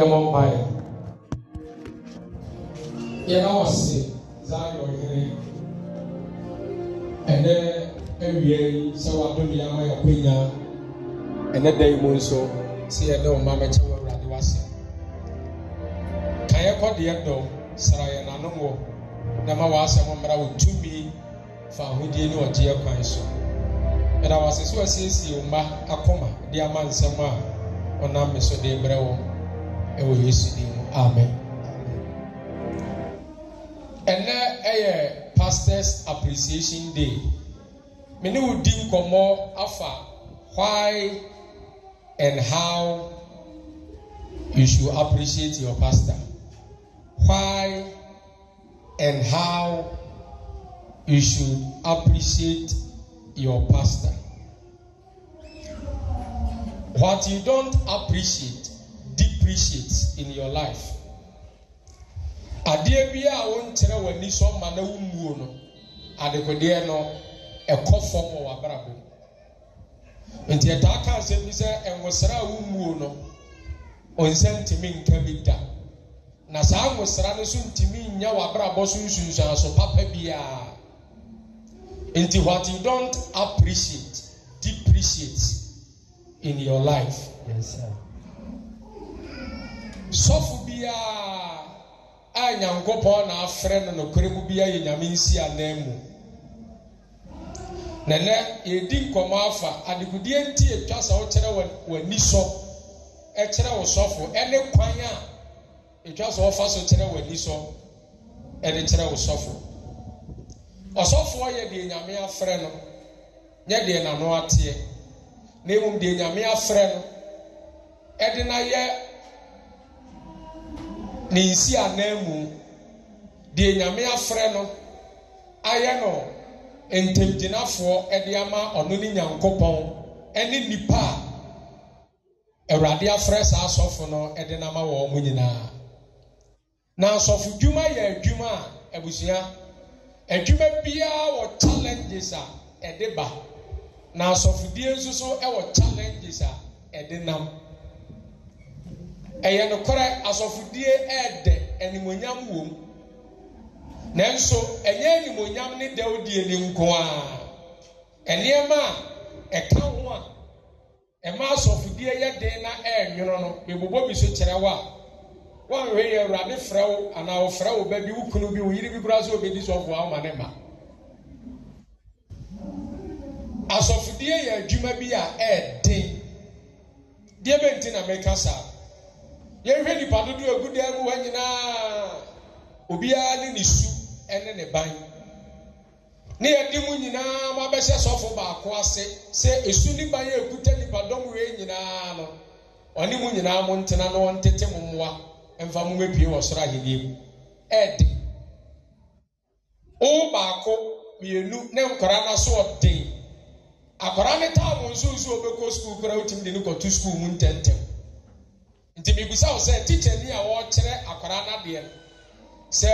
yɛmɔ mpae yɛna ɔse saa yɛ ɔhene ɛnɛ awia yi sɛ wadome ama yɛpɛnya ɛnɛ da yi mu nso sɛ yɛdɛ wo ma mɛkyɛ wɔ awurade wase ka yɛkɔ deɛ dɔ sra yɛ nanom wɔ na ma waasɛm mmara wo tumi fa ahodie ne ɔgyeɛ kwan so ɛna wase so asiesie wo mma akoma de ama nsɛm a ɔnam me so de ɛwɔ yesu din mu amen ɛnɛ ɛyɛ eh, pastors appreciation day me ne wo di nkɔmɔ afa why and how you should appreciate your pastor why and how you should appreciate your pastor what you don't appreciate depreciate in your life adeɛ bi a wɔnkyerɛ w'ani so ma na wumuo no adekodeɛ no ɛkɔ fam wɔ w'abrabɔ nti ɛtaa ka asɛm bi sɛ ɛnwosra a wumuo no ɔnsa ntumi nka bi da na saa nwosra no so ntumi nya w'abrabɔ so nsunsuaso papa biara nti what you don't appreciate depreciate in your life. Yes, sir. sɔfo biara a nyankopɔn na afrɛ no nokorɛ mu biara yɛ nyame nsi anan mu nɛnɛ yɛdi nkɔmmɔ afa adegudeɛ nti atwa sɛ wokyerɛ w'ani sɔ kyerɛ wo sɔfo ɛne kwan a atwa sɛ wɔfa so kyerɛ w'ani sɔ ɛde kyerɛ wo sɔfo ɔsɔfoɔ yɛ deɛ nyame afrɛ no nyɛ deɛ n'ano ateɛ na mmom deɛ nyame afrɛ no ɛde na yɛ ne nsi anan deɛ nyame afrɛ no ayɛ no ntɛmgyinafoɔ de ama ɔno ne nyankopɔn ne nnipa a awurade afrɛ saa asɔfo no de nama wɔn mu nyinaa na asɔfo yɛ adwuma a abusua adwuma biara wɔ challenges a ɛde ba na asɔfodie nso so wɔ challenges a ɛde nam. ɛyɛ nokorɛ asɔfodie ɛɛdɛ animonyam wom nanso ɛnyɛ animonyam ne dawudie ne nko ara nneɛma a ɛka ho a ɛma asɔfodie yɛ den na ɛɛnwono no bɛbobɔ bi so kyerɛ wo a wɔnhwɛ yɛ awurade frɛ wo anaa wɔfrɛ wo ba bi wo kunu bi wo yiri bi koraa sɛ obɛdi sɔfoɔ ama ne ma asɔfodie yɛ adwuma bi a ɛɛden deɛ bɛnti na mɛka saa yɛhwɛ nipa dodoɔ egu dan mu hɔ nyinaa obiara ne ne su ne ne ban ne yɛde mu nyinaa mo abɛhyɛ sɔfo baako ase sɛ esu ne ban yɛ ekuta nipa dɔm wei nyinaa no ɔne mu nyinaa mo ntena na ɔntete mo mmoa mfa mo mepie wɔ soro ahenie mu ɛɛde o baako mmienu ne nkɔla n'aso ɔden akɔla ne taa mo nso nso obɛkɔ sukuu koraa otumi de ne kɔto sukuu mu ntɛntɛn. nti mibisa wo sɛ tikya ni a wɔrekyerɛ akwadaa n'adeɛ no sɛ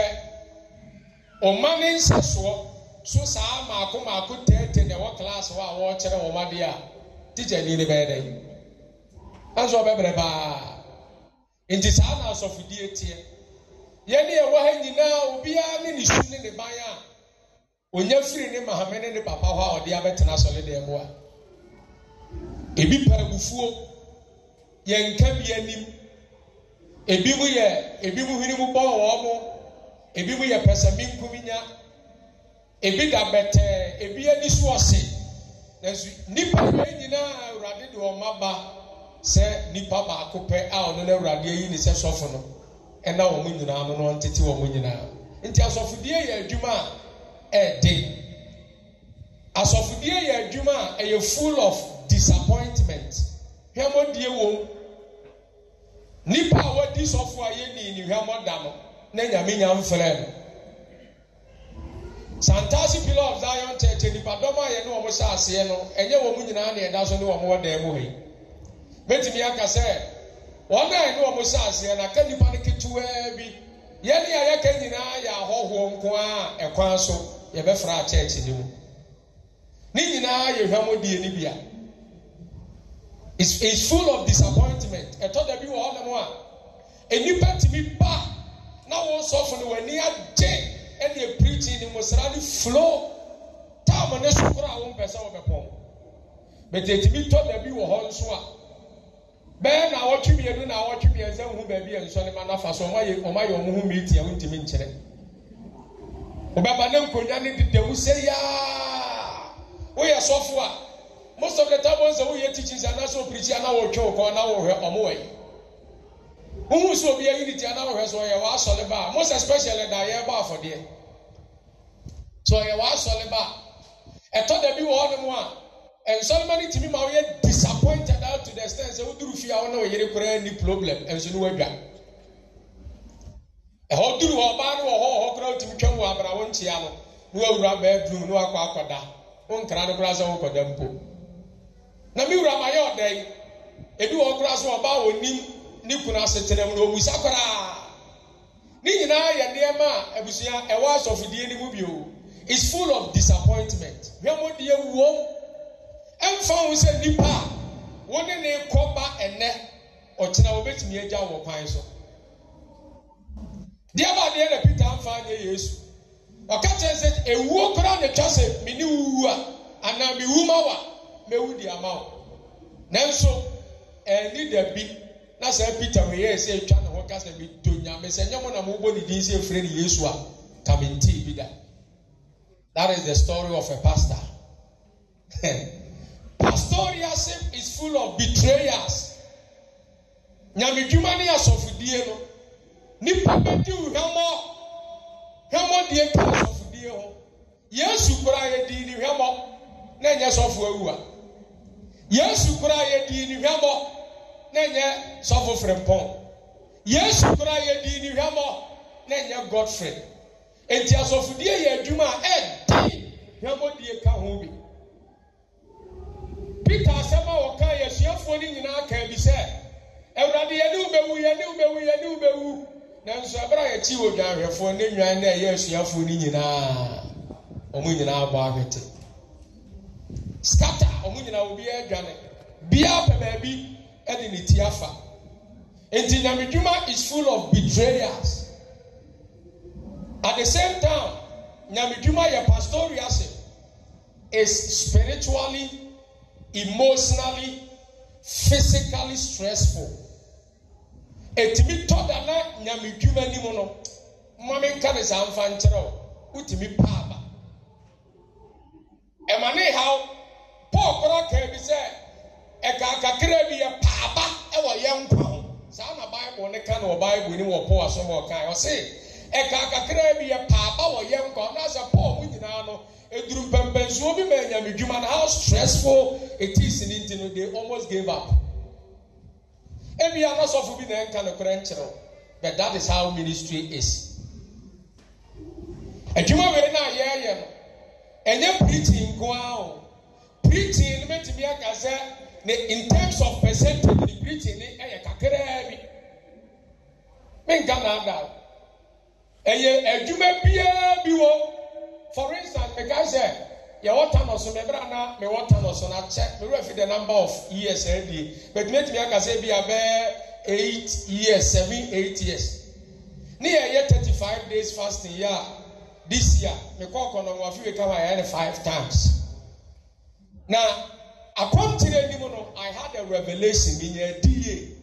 ɔma ne nsasoɔ so saa maako maako tɛɛtɛɛ na ɛwɔ klaasi hɔ a wɔrekyerɛ wɔn adeɛ a tikya ni ne bɛyɛ dɛ ɛnso ɔbɛbrɛ paa nti saa na asɔfodie teɛ yɛn ni ɛwɔ ha nyinaa obiara ne ne su ne ne ban a onya firi ne mahame ne ne papa hɔ a ɔde abɛtena sɔle deɛ mu a ebi pa abufuo yɛn nka anim. ebi mu yɛ ebi mu hwene mu bɔ wɔn mo ebi mu yɛ pɛsɛminkuminya ebi da bɛtɛɛ ebi yɛ so ɔse nanso nipa yɛn nyinaa awurade de wɔn aba sɛ nipa baako pɛ a ɔno na awurade ayi ne sɛ sɔfo no ɛna wɔn nyinaa no na ɔntete wɔn nyinaa nti asɔfodie yɛ adwuma a ɛɛde asɔfodie yɛ adwuma a ɛyɛ full of disappointment hwɛmɔdie wɔm. nipa a wadi sɔfo a yɛni nihwɛmɔ da no na nyame nya mfrɛ no santase pillar of zion church nipadɔm a yɛne wɔn hyɛ aseɛ no ɛnyɛ wɔn nyinaa na ɛda so ne wɔn wɔ dan mu hɔ yi mɛtumi aka sɛ wɔn a yɛne wɔn hyɛ aseɛ no aka nipa no ketewaa bi yɛne a yɛka nyinaa yɛ ahɔhoɔ nko a ɛkwan so yɛbɛfra a church ne mu ne nyinaa yɛ die ne bia is is full of disappointment ẹtọ dẹbi wọ ọ nam a enipa tìmí ba na wọn sọfọ ni wọn ani agye ẹni epirikyi ni mọsara ni flow táàmù ne sukuru a wọn pẹsẹ wọn bẹ pọ bẹtẹ tìmí tọ dẹbi wọ họ nso a bẹẹ na awọtwi mmienu na awọtwi mmiɛnsa nhu baabi yɛ nsọ ne ma nafa so ɔmo ayɛ ɔmo ayɛ ɔmo ho miiti ɛho ntumi nkyerɛ ɔbɛba ne nkonnwa ne dedewu sɛ yaa woyɛ sɔfo a. most of the time once woyɛ teachings anaso pirikyi ana wɔtwe wo kɔ na wohwɛ ɔmo wɔ yi wohu sɛ obi ayi unity and ana wohwɛ so ɔyɛ wɔasɔle ba a most especially da yɛbɔ afɔdeɛ so ɔyɛ wɔasɔle ba a ɛtɔ da a nsɔlema no tumi ma disappointed out to the extent sɛ duuru fie na problem nso ne ɛhɔ duru hɔ ɔbaa no wɔ hɔ ɔhɔ koraa wɔ no na mi wura ma yɛ ɔdan ebi wɔ kura so ɔbaa wɔ nim ne kunu asetena mu na obusa koraa ne nyinaa yɛ nneɛma a abusua ɛwɔ asɔfodie ne mu bio is full of disappointment hwɛmɔdeɛ wuom ɛnfa ho sɛ nipa a wɔne ne kɔba ɛnɛ ɔkyena wɔbɛtumi agya wɔ kwan so deɛ ba deɛ na peter amfa nyɛ yesu ɔka kyerɛ sɛ ewuo koraa ne twa sɛ me wuwu a anaa me wu ma wa mewu di ama o nanso ɛni dabi na sɛ peter weyɛ sɛ etwa ne ho kasa bi to nyame sɛ nyɛ mo na mo bɔ ne din sɛ efiri ne yesu a tami nti bi da that is the story of a pastor pastorialship is full of betrayers nyamedwuma ne asɔfodie no nipa bɛdi hwɛmɔ hwɛmɔ die ka asɔfodie hɔ yesu koraa yɛ di ni hwɛmɔ na nyɛ sɔfo awu yesu koraa yɛdii ne hwɛmmɔ ne nyɛ sɔfo frempɔn yesu koraa yɛdii ne hwɛmmɔ ne nyɛ godfrey enti asɔfodie yɛ adwuma a ɛdi die ka ho bi peter asɛm a wɔka yɛsuafoɔ no nyinaa kaa bi sɛ awurade yɛne wobɛwu yɛne wobɛwu yɛne wobɛwu nanso ɛberɛ a yɛkyi wɔ dwanhwɛfoɔ ne nwan na ɛyɛ asuafoɔ no nyinaa wɔn nyinaa bɔ ahwete scatter wɔn nyinaa obi ɛredwane bia pɛ baabi ɛde ne ti afa nti nyamedwuma is full of betrayers at the same time nyamedwuma yɛ pastorialship is spiritually emotionally physically stressful ètìmí tọ́ da na nyamedwuma ni mu no mmami nka ne saa nfa nkyerɛ o wotìmí paaba ɛma ne ha o. paul koraa kaa bi sɛ ɛka kakra bi yɛ paaba wɔ yɛn nkwa ho saa na bible ne ka na wɔ bible ni wɔ paul asɔm ka ɔse ɛka kakra bi yɛ paaba wɔ yɛn nkwa ho na paul mu nyinaa no eduru mpɛmpɛnsuo bi ma enyamedwuma na how stressful it is ne ti no they almost gave up ebi bi na ɛnka no but that is how ministry is adwuma na yɛɛyɛ no ɛnyɛ preaching nko ara preaching no bɛtumi aka sɛ ne in terms of percentage ne preaching ne ɛyɛ kakraa bi menka naadaa ɛyɛ adwuma biara bi wɔ for instance meka sɛ yɛwɔ tano so mɛbrɛ na mɛwɔ tano so na kyɛ mɛwura fi the number of years ɛdie bɛtumi atumi aka sɛ bi abɛɛ eight years seven eight years ne yɛyɛ thirty five days fasting yɛ a this year mekɔ kɔnɔmɔfi weka hɔ a yɛyɛ ne five times na akɔntere anim no i had a revelation mi nyɛ ɛdi yie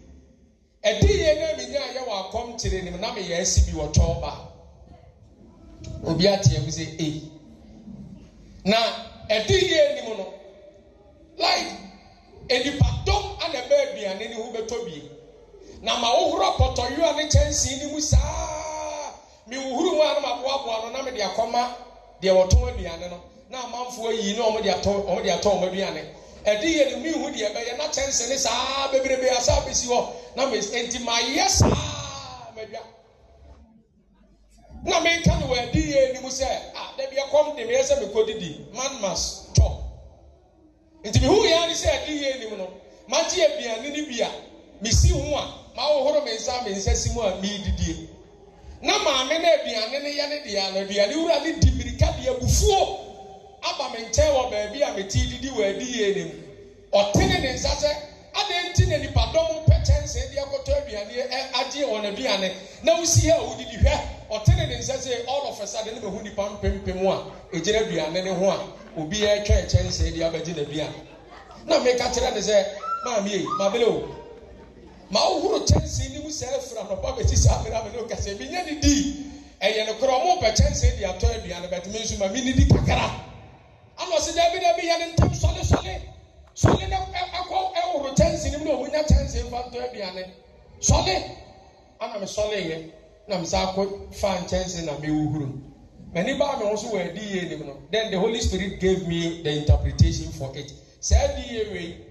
ɛdi yie na mi nyɛ ayɛ wɔ akɔntere anim na mi yɛ ɛsi bi wɔ tɔɔba obi ate ɛmu sɛ ee na ɛdi yie anim no like enipadɔm ana ɛbɛ aduane ne ho bɛtɔ bie na ma wohoro pɔtɔyoa ne kyɛnsee ne mu saa mi wohoro mu a na ma boaboa no na mi de akɔma deɛ wɔtɔn aduane no na amanfoɔ yi na wɔn de atɔ wɔn de atɔ wɔn aduane ɛdi yɛ no mihu deɛ bɛyɛ na kyɛnse ne saa bebrebe asa abesi hɔ na mɛ nti ma yɛ saa mɛdua na mɛ nka no wɔ ɛdi yɛ anim sɛ ah, a dɛbi ɛkɔm de mɛ yɛ sɛ mɛ kɔ didi man mas tɔ nti mihu yɛ ani sɛ ɛdi yɛ anim no ma gye aduane ne bia mɛ si ho a ma ahohoro mɛ nsa mɛ nsa si mu a mɛ didie na maame na aduane ne yɛ ne deɛ na aduane wura ne di mirika deɛ bufuo aba me nkyɛn wɔ baabi a meti didi wɔ adi yie ne mu ɔtene ne nsa sɛ adan ti na nipadɔm pɛ kyɛnse de akɔtɔ aduane agye wɔn aduane na wosi a wodidi hwɛ ɔtene ne nsa sɛ all of a sudden ne mehu nipa mpempem a egyina aduane ne ho a obiara twɛn kyɛnse de abɛgye n'aduane na meka kyerɛ ne sɛ maame yi mabele o ma wohoro kyɛnse ne mu sɛ fira nɔpa bɛsi saa mmerɛ me ne wo kasɛ ne dii ɛyɛ no korɔ ɔmo pɛ kyɛnse de atɔ aduane bɛtumi nso ma menidi kakra ama ɔsi dɛbi dɛbi yɛ ne ntɛm sɔle sɔle sɔle ne ɛkɔ ɛworo kyɛnse ne mu na ɔmo eh, eh, nya kyɛnse nfa ntɔ aduane sɔle ana mi sɔle yɛ na mi sa akɔ fa nkyɛnse na mi wuhuru mɛ nipa mi nso wɔ ɛdi yie nim no then the holy spirit gave me the interpretation for it sɛ ɛdi yie wei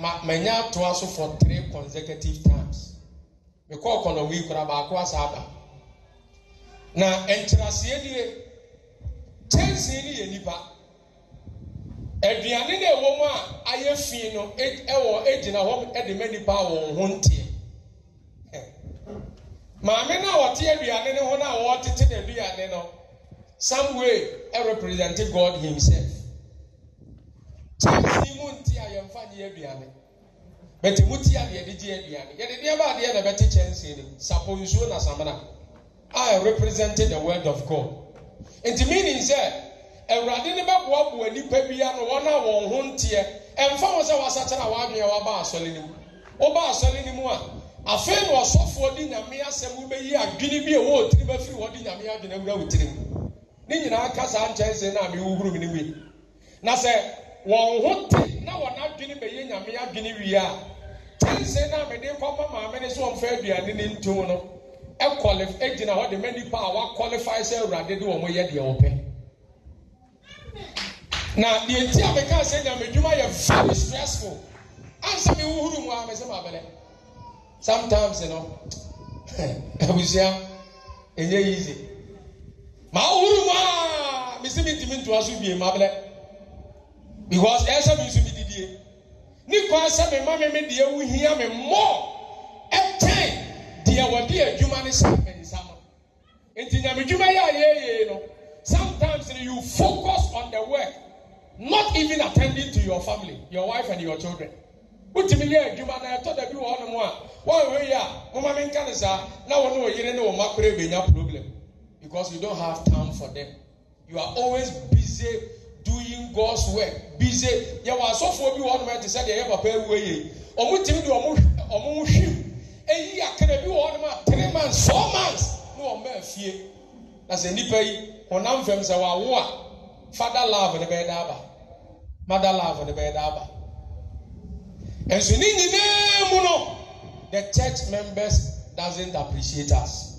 ma ma nya ato aso for three consecutive times mi kɔɔ kɔnɔ wii kora baako asa aba na nkyɛnse yɛ nie kyɛnse yɛ nipa. aduane no ɛwɔ mu a ayɛ fi no e, ɛwɔ ɛgyina hɔ de ma nipa wɔn ho nteɛ maame no a wɔte aduane no ho no a wɔtete n'aduane no some way ɛrepresente god himself kyɛnse mu nte a yɛmfa gye aduane bɛte mu te a yɛde gye aduane yɛde deɛ baadeɛ na ɛbɛte kyɛnse no sapo nsuo na samina a ɛrepresente the word of god nti meaning sɛ awurade ne bɛboaboa nnipa bi ano wɔn a wɔn ho nteɛ ɛmfa ho sɛ wasakyera wadwene waba asɔre no mu asɔre mu a afei na ɔsɔfoɔ de nyame asɛm bi a wɔwɔ bɛfiri hɔ de nyame adwene awura wo mu ne nyinaa saa nkyɛnse na sɛ wɔn ho na wɔn adwene bɛyi nyame adwene wie a kyɛnse na a mede kɔma maame ne so wɔmfa aduane ne no egyina hɔ de a na deɛ ti a meka sɛ nyame dwuma yɛ very stressful ansa mi huhuru mu a mɛ sɛ ma abɛlɛ sometimes no abusua ɛnyɛ easy ma huhuru mu a mesi mi ntumi ntoma so bie ma abɛlɛ because ɛsɛ mi nso mi didie ne kwan sɛ mi ma mi mi deɛ wuhia mi mɔ ɛtɛn deɛ wɔde adwuma ne sɛ mɛ nsa ma nti nyame dwuma yɛ a yɛ yie no. Sometimes you focus on the work, not even attending to your family, your wife, and your children. because you don't have time for them you are always busy doing God's work busy yɛ wɔ asɔfoɔ bi wɔ hɔnom ɛte sɛ deɛ yɛ papa ewu yie wɔn timi de wɔn wɔn hwim eyi akara bi three months four months ne wɔn bɛɛ fie na sɛ nipa honam fam sɛ wawo a fada love ne bɛyɛ daaba mada love ne bɛyɛ daaba nso ne nyinaa mu no the church members doesn't appreciate us.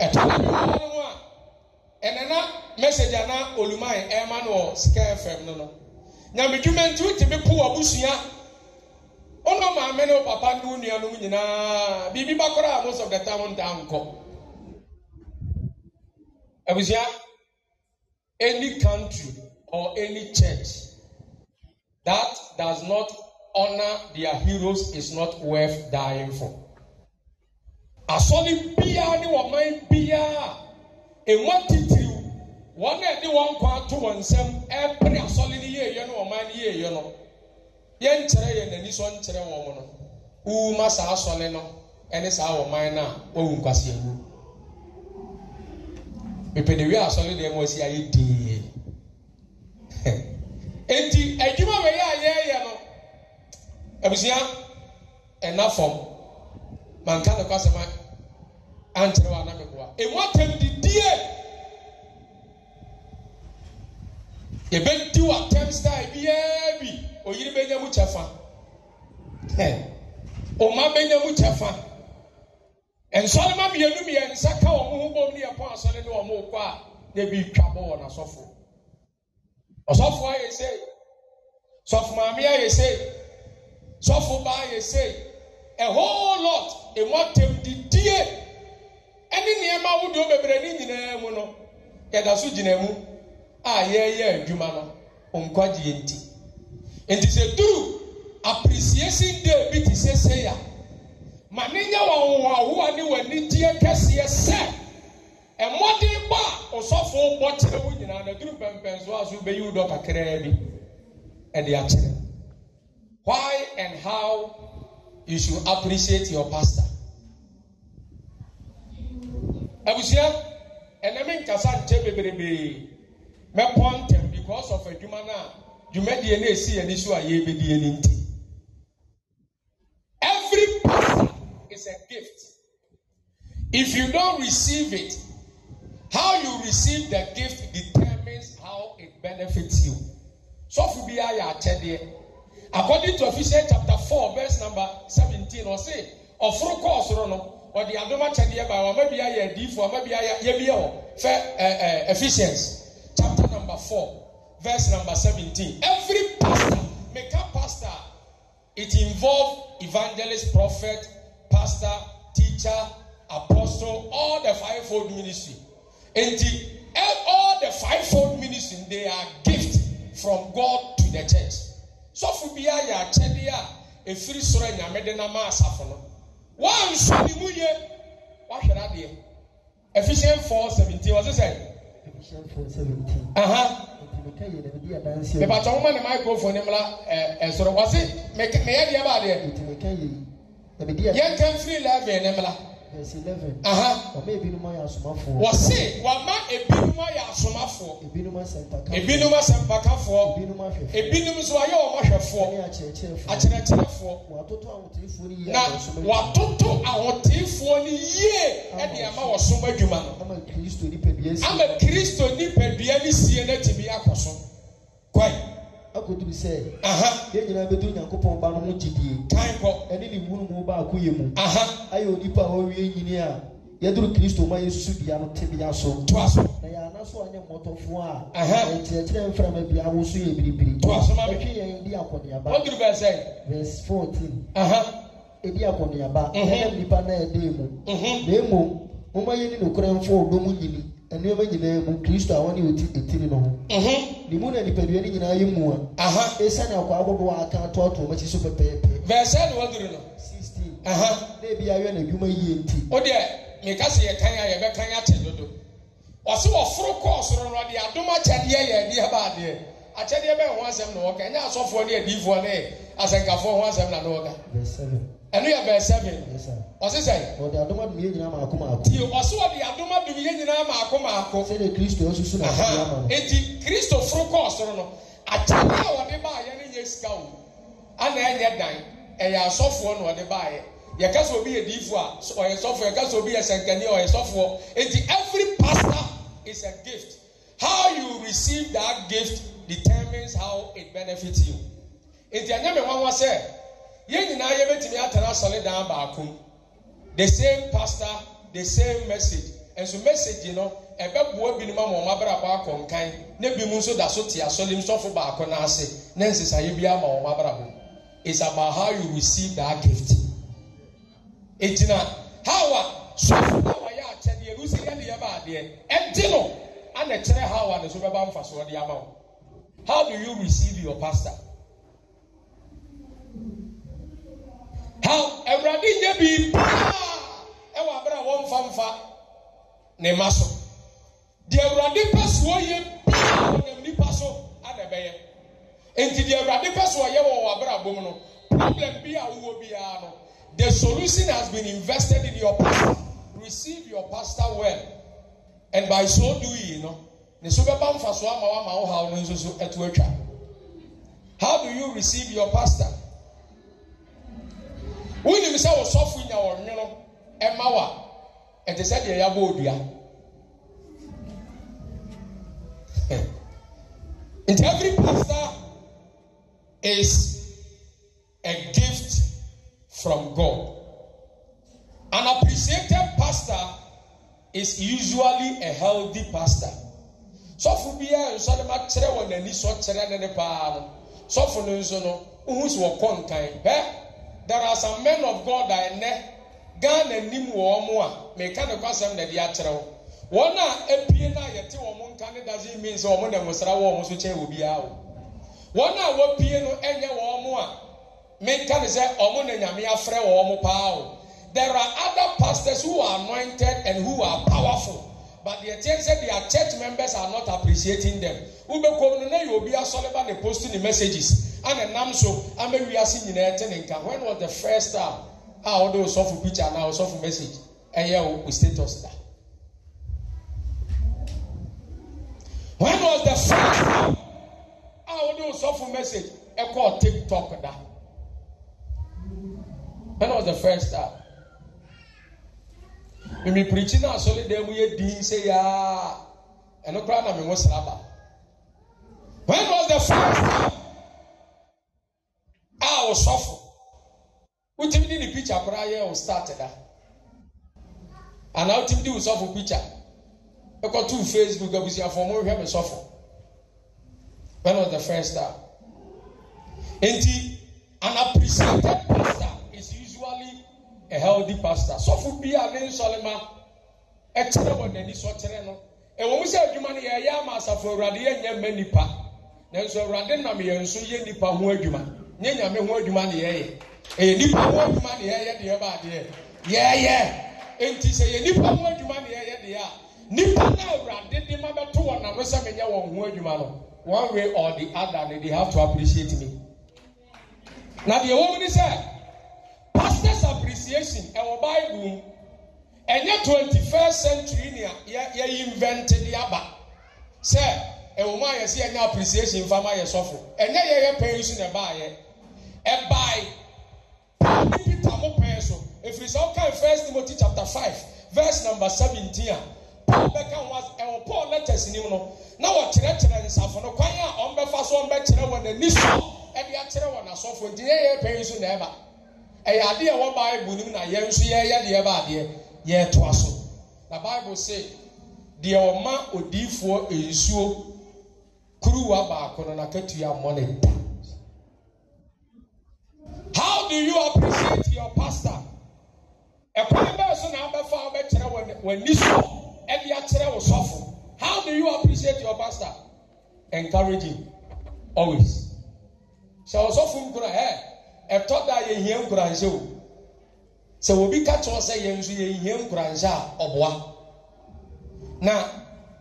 ɛtɔla bi wɔ a ɛnɛ na message a na oluman ɛɛma no wɔ sika fm no no nyamedwuma nti wote bi po wɔ abusua wona maame ne papa ne wo nuanom nyinaa biribi ba a most of the time ntaa abusua any country or any church that does not honor their heroes is not worth dying for asɔre biara ne wɔman biara ɛnwa titiriw wɔn a ɛde wɔn kɔ ato wɔn nsam ɛpere asɔre ne yie yɛ no wɔman ne yie yɛ no yɛn nkyerɛ yɛn n'ani so nkyerɛ wɔn no wuma saa sɔle no ɛne saa wɔman no a wawu nkwasi ewu mpepedewi asɔle deɛ mo si ayɛ dii eti adwuma wɛyɛ a yɛɛyɛ no abusua ɛna fam manka ne kwasɛm ankyerɛ wa anamikoa emu atɛm didie yɛbɛdi wa tɛm style biara bi oyiri bɛnya mu kyɛfa ɔma bɛnya mu kyɛfa nsɔlima mmienu mmiɛnsa ka wɔn ho mu ne yɛpɔ asɔre ne wɔn kɔ a na ebi twa bɔ wɔn asɔfo ɔsɔfo ayɛ se sɔfo maame ayɛ se sɔfo ba ayɛ se a whole lot emu atem didie ɛne nneɛma ahodoɔ bebree ne nyinaa mu no yɛda so gyina mu a yɛreyɛ adwuma no nkwa gye nti sɛ duru appreciation day bi ti sɛ sɛ ya ma ne nyɛ wɔn wɔahoa ne wɔn anigyeɛ kɛseɛ sɛ ɛmɔden bɔ a ɔsɔfo bɔ kyerɛ wo nyinaa na duru pɛmpɛn so a so bɛyi wo dɔ kakraa bi ɛde akyerɛ why and how you should appreciate your pastor abusua ɛnɛ mi nkasa nkyɛn bebrebe mɛpɔ ntɛm because of adwuma naa dwumadie no esi yɛn so a yɛrebɛdi yɛn nti every person is a gift if you don't receive it how you receive the gift determines how it benefits you sɔfo bi ayɛ akyɛdeɛ according to Ephesians chapter four verse number seventeen ɔse ɔforo kɔɔ soro no ɔde adom akyɛdeɛ ba ɔma bi ayɛ adiifo ɔma bi ayɛ yɛbi yɛ wɔ fɛ ɛɛ Ephesians chapter number four verse number 17. Every pastor, make a pastor, it involves evangelist, prophet, pastor, teacher, apostle, all the fivefold ministry. And the, all the fivefold ministry, they are gift from God to the church. So for be a chedi a efiri soro nyame de na ma asafo no. Wan so What mu I do? Ephesians de. Ephesians 4:17 was it said? Ephesians 4:17. Aha. Uh-huh mipatɔ ɔmo ma ne microphone ne mla ɛɛ ɛsoro wɔsi mɛ yɛ deɛ ba deɛ yɛn kɛn firi lɛɛbɛn ne mla verse eleven. Uh-huh. ọmọ ebinom ayɛ asomafoɔ. wɔsi wama ebinom ayɛ asomafoɔ. ebinom asɛmpakafoɔ. ebinom asɛmpakafoɔ. ebinom ahwɛfoɔ. ebinom nso ayɛ wɔn ahwɛfoɔ. ɛni akyerɛkyerɛfoɔ. akyerɛkyerɛfoɔ. watoto ahoteefoɔ ni yie. na watoto ahoteefoɔ ni yie ɛdi ama wɔ soma adwuma no. ama kristo nipadua si. ama kristo nipadua ni sie n'atumi akɔ so. kwae akodu sɛ yɛn nyinaa bɛdu nyankopɔn ba no ho gyidie ɛne ni munumu baako yɛ mu ayɛ onipa a ɔwie nyini a yɛduru kristo ma yɛsusu bia no tebea so na yɛana so anyɛ mmɔtɔfoɔ a ɛkyerɛkyerɛ mframa bia wo so yɛ biribiri ɛtwe yɛn di akɔneaba verse fourteen ɛdi e akɔneaba ɛnam mhm. e nipa na ɛdee e mu na mhm. mmom momma yɛni nokorɛ mfo ɔdɔ mu nyini nneɛma nyinaa mu kristo a wɔne oh, etiri no ho. ne mu na nipadua no nyinaa yɛ mu a. esiane akɔ ahodoɔ a aka ato ato wɔn akyi so pɛpɛɛpɛ. bɛɛsɛ na waduru no. sixteen. na ebi awia na adwuma yie nti. o deɛ mika sɛ yɛ kan a yɛbɛ kan akyɛ dodo wɔsi wɔforo kɔɔ soro no deɛ adum akyɛdeɛ yɛ ɛdeɛ ba adeɛ akyɛdeɛ bɛyɛ ho asɛm na wɔka ɛnyɛ asɔfoɔ ne adiifoɔ ne asɛnkafoɔ ho asɛm na ne wɔka. bɛɛsɛ ɛnu yɛ bɛɛ sɛbi ɔsi sɛ. ɔdi adoma dum yɛ nyinaa maako maako. ti ɔsi ɔdi adoma dum yɛ nyinaa maako maako. sɛde kristo yɛ susu na ɔsi ama no. eti kristo furu kɔɔ soro no akyɛnɛ a wɔde baa yɛ ne yɛ sika o ana ɛnyɛ dan ɛyɛ asɔfoɔ na ɔde baa yɛ yɛka sɛ obi yɛ diifo a ɔyɛ sɔfoɔ yɛka sɛ obi yɛ sɛnkani ɔyɛ sɔfoɔ eti every pastor is a gift how you receive that gift determines how it benefits you eti ɛnyɛ mi nwanwa sɛ yɛn nyinaa yɛbɛtumi atena asɔredan baako the same pastor the same message nso message no ɛbɛboa binom ama wɔn abrabɔ akɔ nkan na binom nso da so te asɔre nsɔfo baako n'ase na nsesaeɛ bi ama wɔn abrabɔ it's about how you receive that gift egyina how a sɔfo a wɔyɛ akyɛdeɛ rusi yɛ deɛ baadeɛ ɛdi no ana kyerɛ how a ne so bɛba mfasoɔ de ama wɔn how do you receive your pastor how awurade nyɛ bi paa ɛwɔ abere a wɔmfa mfa ne ma so deɛ awurade pɛ so ɔyɛ paa ɔnam nipa so ada bɛyɛ nti deɛ awurade pɛ so ɔyɛ wɔ abere abom no problem bi a wowɔ biara no the solution has been invested in your pastor receive your pastor well and by so doing no ne so bɛba mfa so ama wɔn ama wɔn ha no nso so ɛto atwa how do you receive your pastor wonim sɛ wɔsɔfo nya wɔnwono ɛma wa ɛte sɛ deɛ yɛabɔ odua nti every pastor is a gift from God an appreciated pastor is usually a healthy pastor sɔfo biara nsɔlema kyerɛ wɔ n'ani sɔ kyerɛ ne ne paa no sɔfo no nso no ohun si wɔ kɔnkan bɛɛ there are some men of god a ɛnɛ ghana nim wɔn mo a meka ne kwasɛm na ɛde akyerɛ wo wɔn a apie na yɛte wɔn nka ne doesn't mean sɛ wɔn na wɔsra wɔn so kyɛn wɔ biara wɔn a wɔpie no ɛnyɛ wɔn mo a meka ne sɛ wɔn na nyame afrɛ wɔn mo paa o there are other pastors who are anointed and who are powerful but the church said their church members are not appreciating them. Ube kom no na yɛ obi asɔre ba ne post ne messages ɛna nam so ama wiase nyinaa te ne nka when was the first time a ɔde ɔsɔfo picture anaa ɔsɔfo message ɛyɛ o status da when was the first time a ɔde ɔsɔfo message ɛkɔ tiktok da when was the first time mimipirikyi na asɔle dan mu yɛ din sɛ yaa ɛno koraa na mi ho sraba when was the first time ɔsɔfo wotumi di ne pikya koraa yɛ o start da anaa wotumi di o sɔfo pikya ɛkɔto facebook abusuafo ɔmo hwɛ mi sɔfo when was the first time nti an appreciated pastor is usually a healthy pastor sɔfo bi a ne nsɔlema ɛkyerɛ wɔ n'ani sɔkyerɛ no ɛwɔ mu sɛ adwuma no yɛyɛ ama asafo awurade yɛ nyɛ mma nipa nanso awurade nam yɛn so yɛ nipa ho adwuma nye nyame ho adwuma na yɛyɛ ɛyɛ nipa ho adwuma na yɛyɛ deɛ ba adeɛ yɛyɛ nti sɛ yɛ nipa ho adwuma na yɛyɛ deɛ a nipa na awurade de ma bɛto wɔn ano sɛ menyɛ wɔn ho adwuma no one way or the other they have to appreciate me na deɛ wɔn ni sɛ pastors appreciation ɛwɔ bible mu ɛnyɛ twenty first century ni a yɛ yɛ invent de aba sɛ ɛwɔ mu a yɛsi ɛnyɛ appreciation fama yɛ sɔfo ɛnyɛ yɛ yɛ pɛn so na ɛba yɛ. ɛbae peter mo pɛn so efiri sɛ ɔka first timothy chapter five verse number seventeen a paul bɛka ho ɛwɔ paul letters no na wɔkyerɛkyerɛ nsafo no kwan a ɔmbɛfa so ɔmbɛkyerɛ wɔn ani so ɛde akyerɛ wɔn asɔfo nti yɛyɛ pɛn so na ɛba ɛyɛ adeɛ ɛwɔ bible nim na yɛn nso yɛyɛ deɛ ɛba adeɛ so na bible say deɛ ɔma odiifoɔ nsuo kuruwa baako no How do you appreciate your pastor? Ɛkwan bɛɛ so na abɛfa abɛkyerɛ w'ani so ɛde akyerɛ wo sɔfo. How do you appreciate your pastor? Encouraging always. Sɛ ɔsɔfo nkura ɛ ɛtɔ da yɛ hia nkura nhyɛ o. Sɛ obi ka kyerɛ sɛ yɛn nso yɛ hia nkura nhyɛ a ɔboa. Na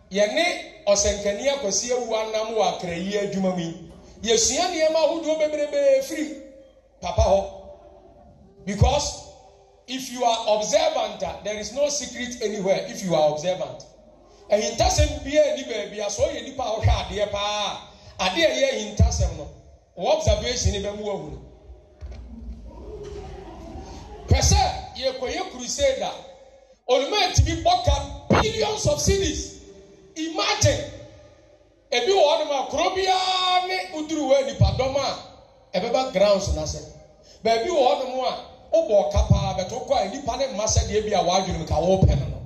yɛne ɔsɛnkani akɔsi ewu anam wɔ akra yi adwuma mu yi. Yɛsua nneɛma ahodoɔ bebrebe firi papa hɔ because if you are observant ah, there is no secret anywhere if you are observant ɛhintasɛm biara ni baabi aso yɛ nipa a ɔhwɛ adeɛ paa adeɛ yɛ ɛhintasɛm no wɔ observation ni bɛ mu wɔhu no pɛsɛ yɛkɔyɛ crusader olùmọ̀ ẹ̀tìmí bọ́ka billions of cities imagine ebi wọ́n ọ́nùmọ̀ kúrò bíyà ní udurowó nípadọ́mọ́ a. ɛbɛba grounds n'asɛ baabi wɔ hɔnom a wobɔ ɔka paa bɛtɔ kɔ a nipa ne mma sɛdeɛ bi a wadwene ka wɔpɛ no no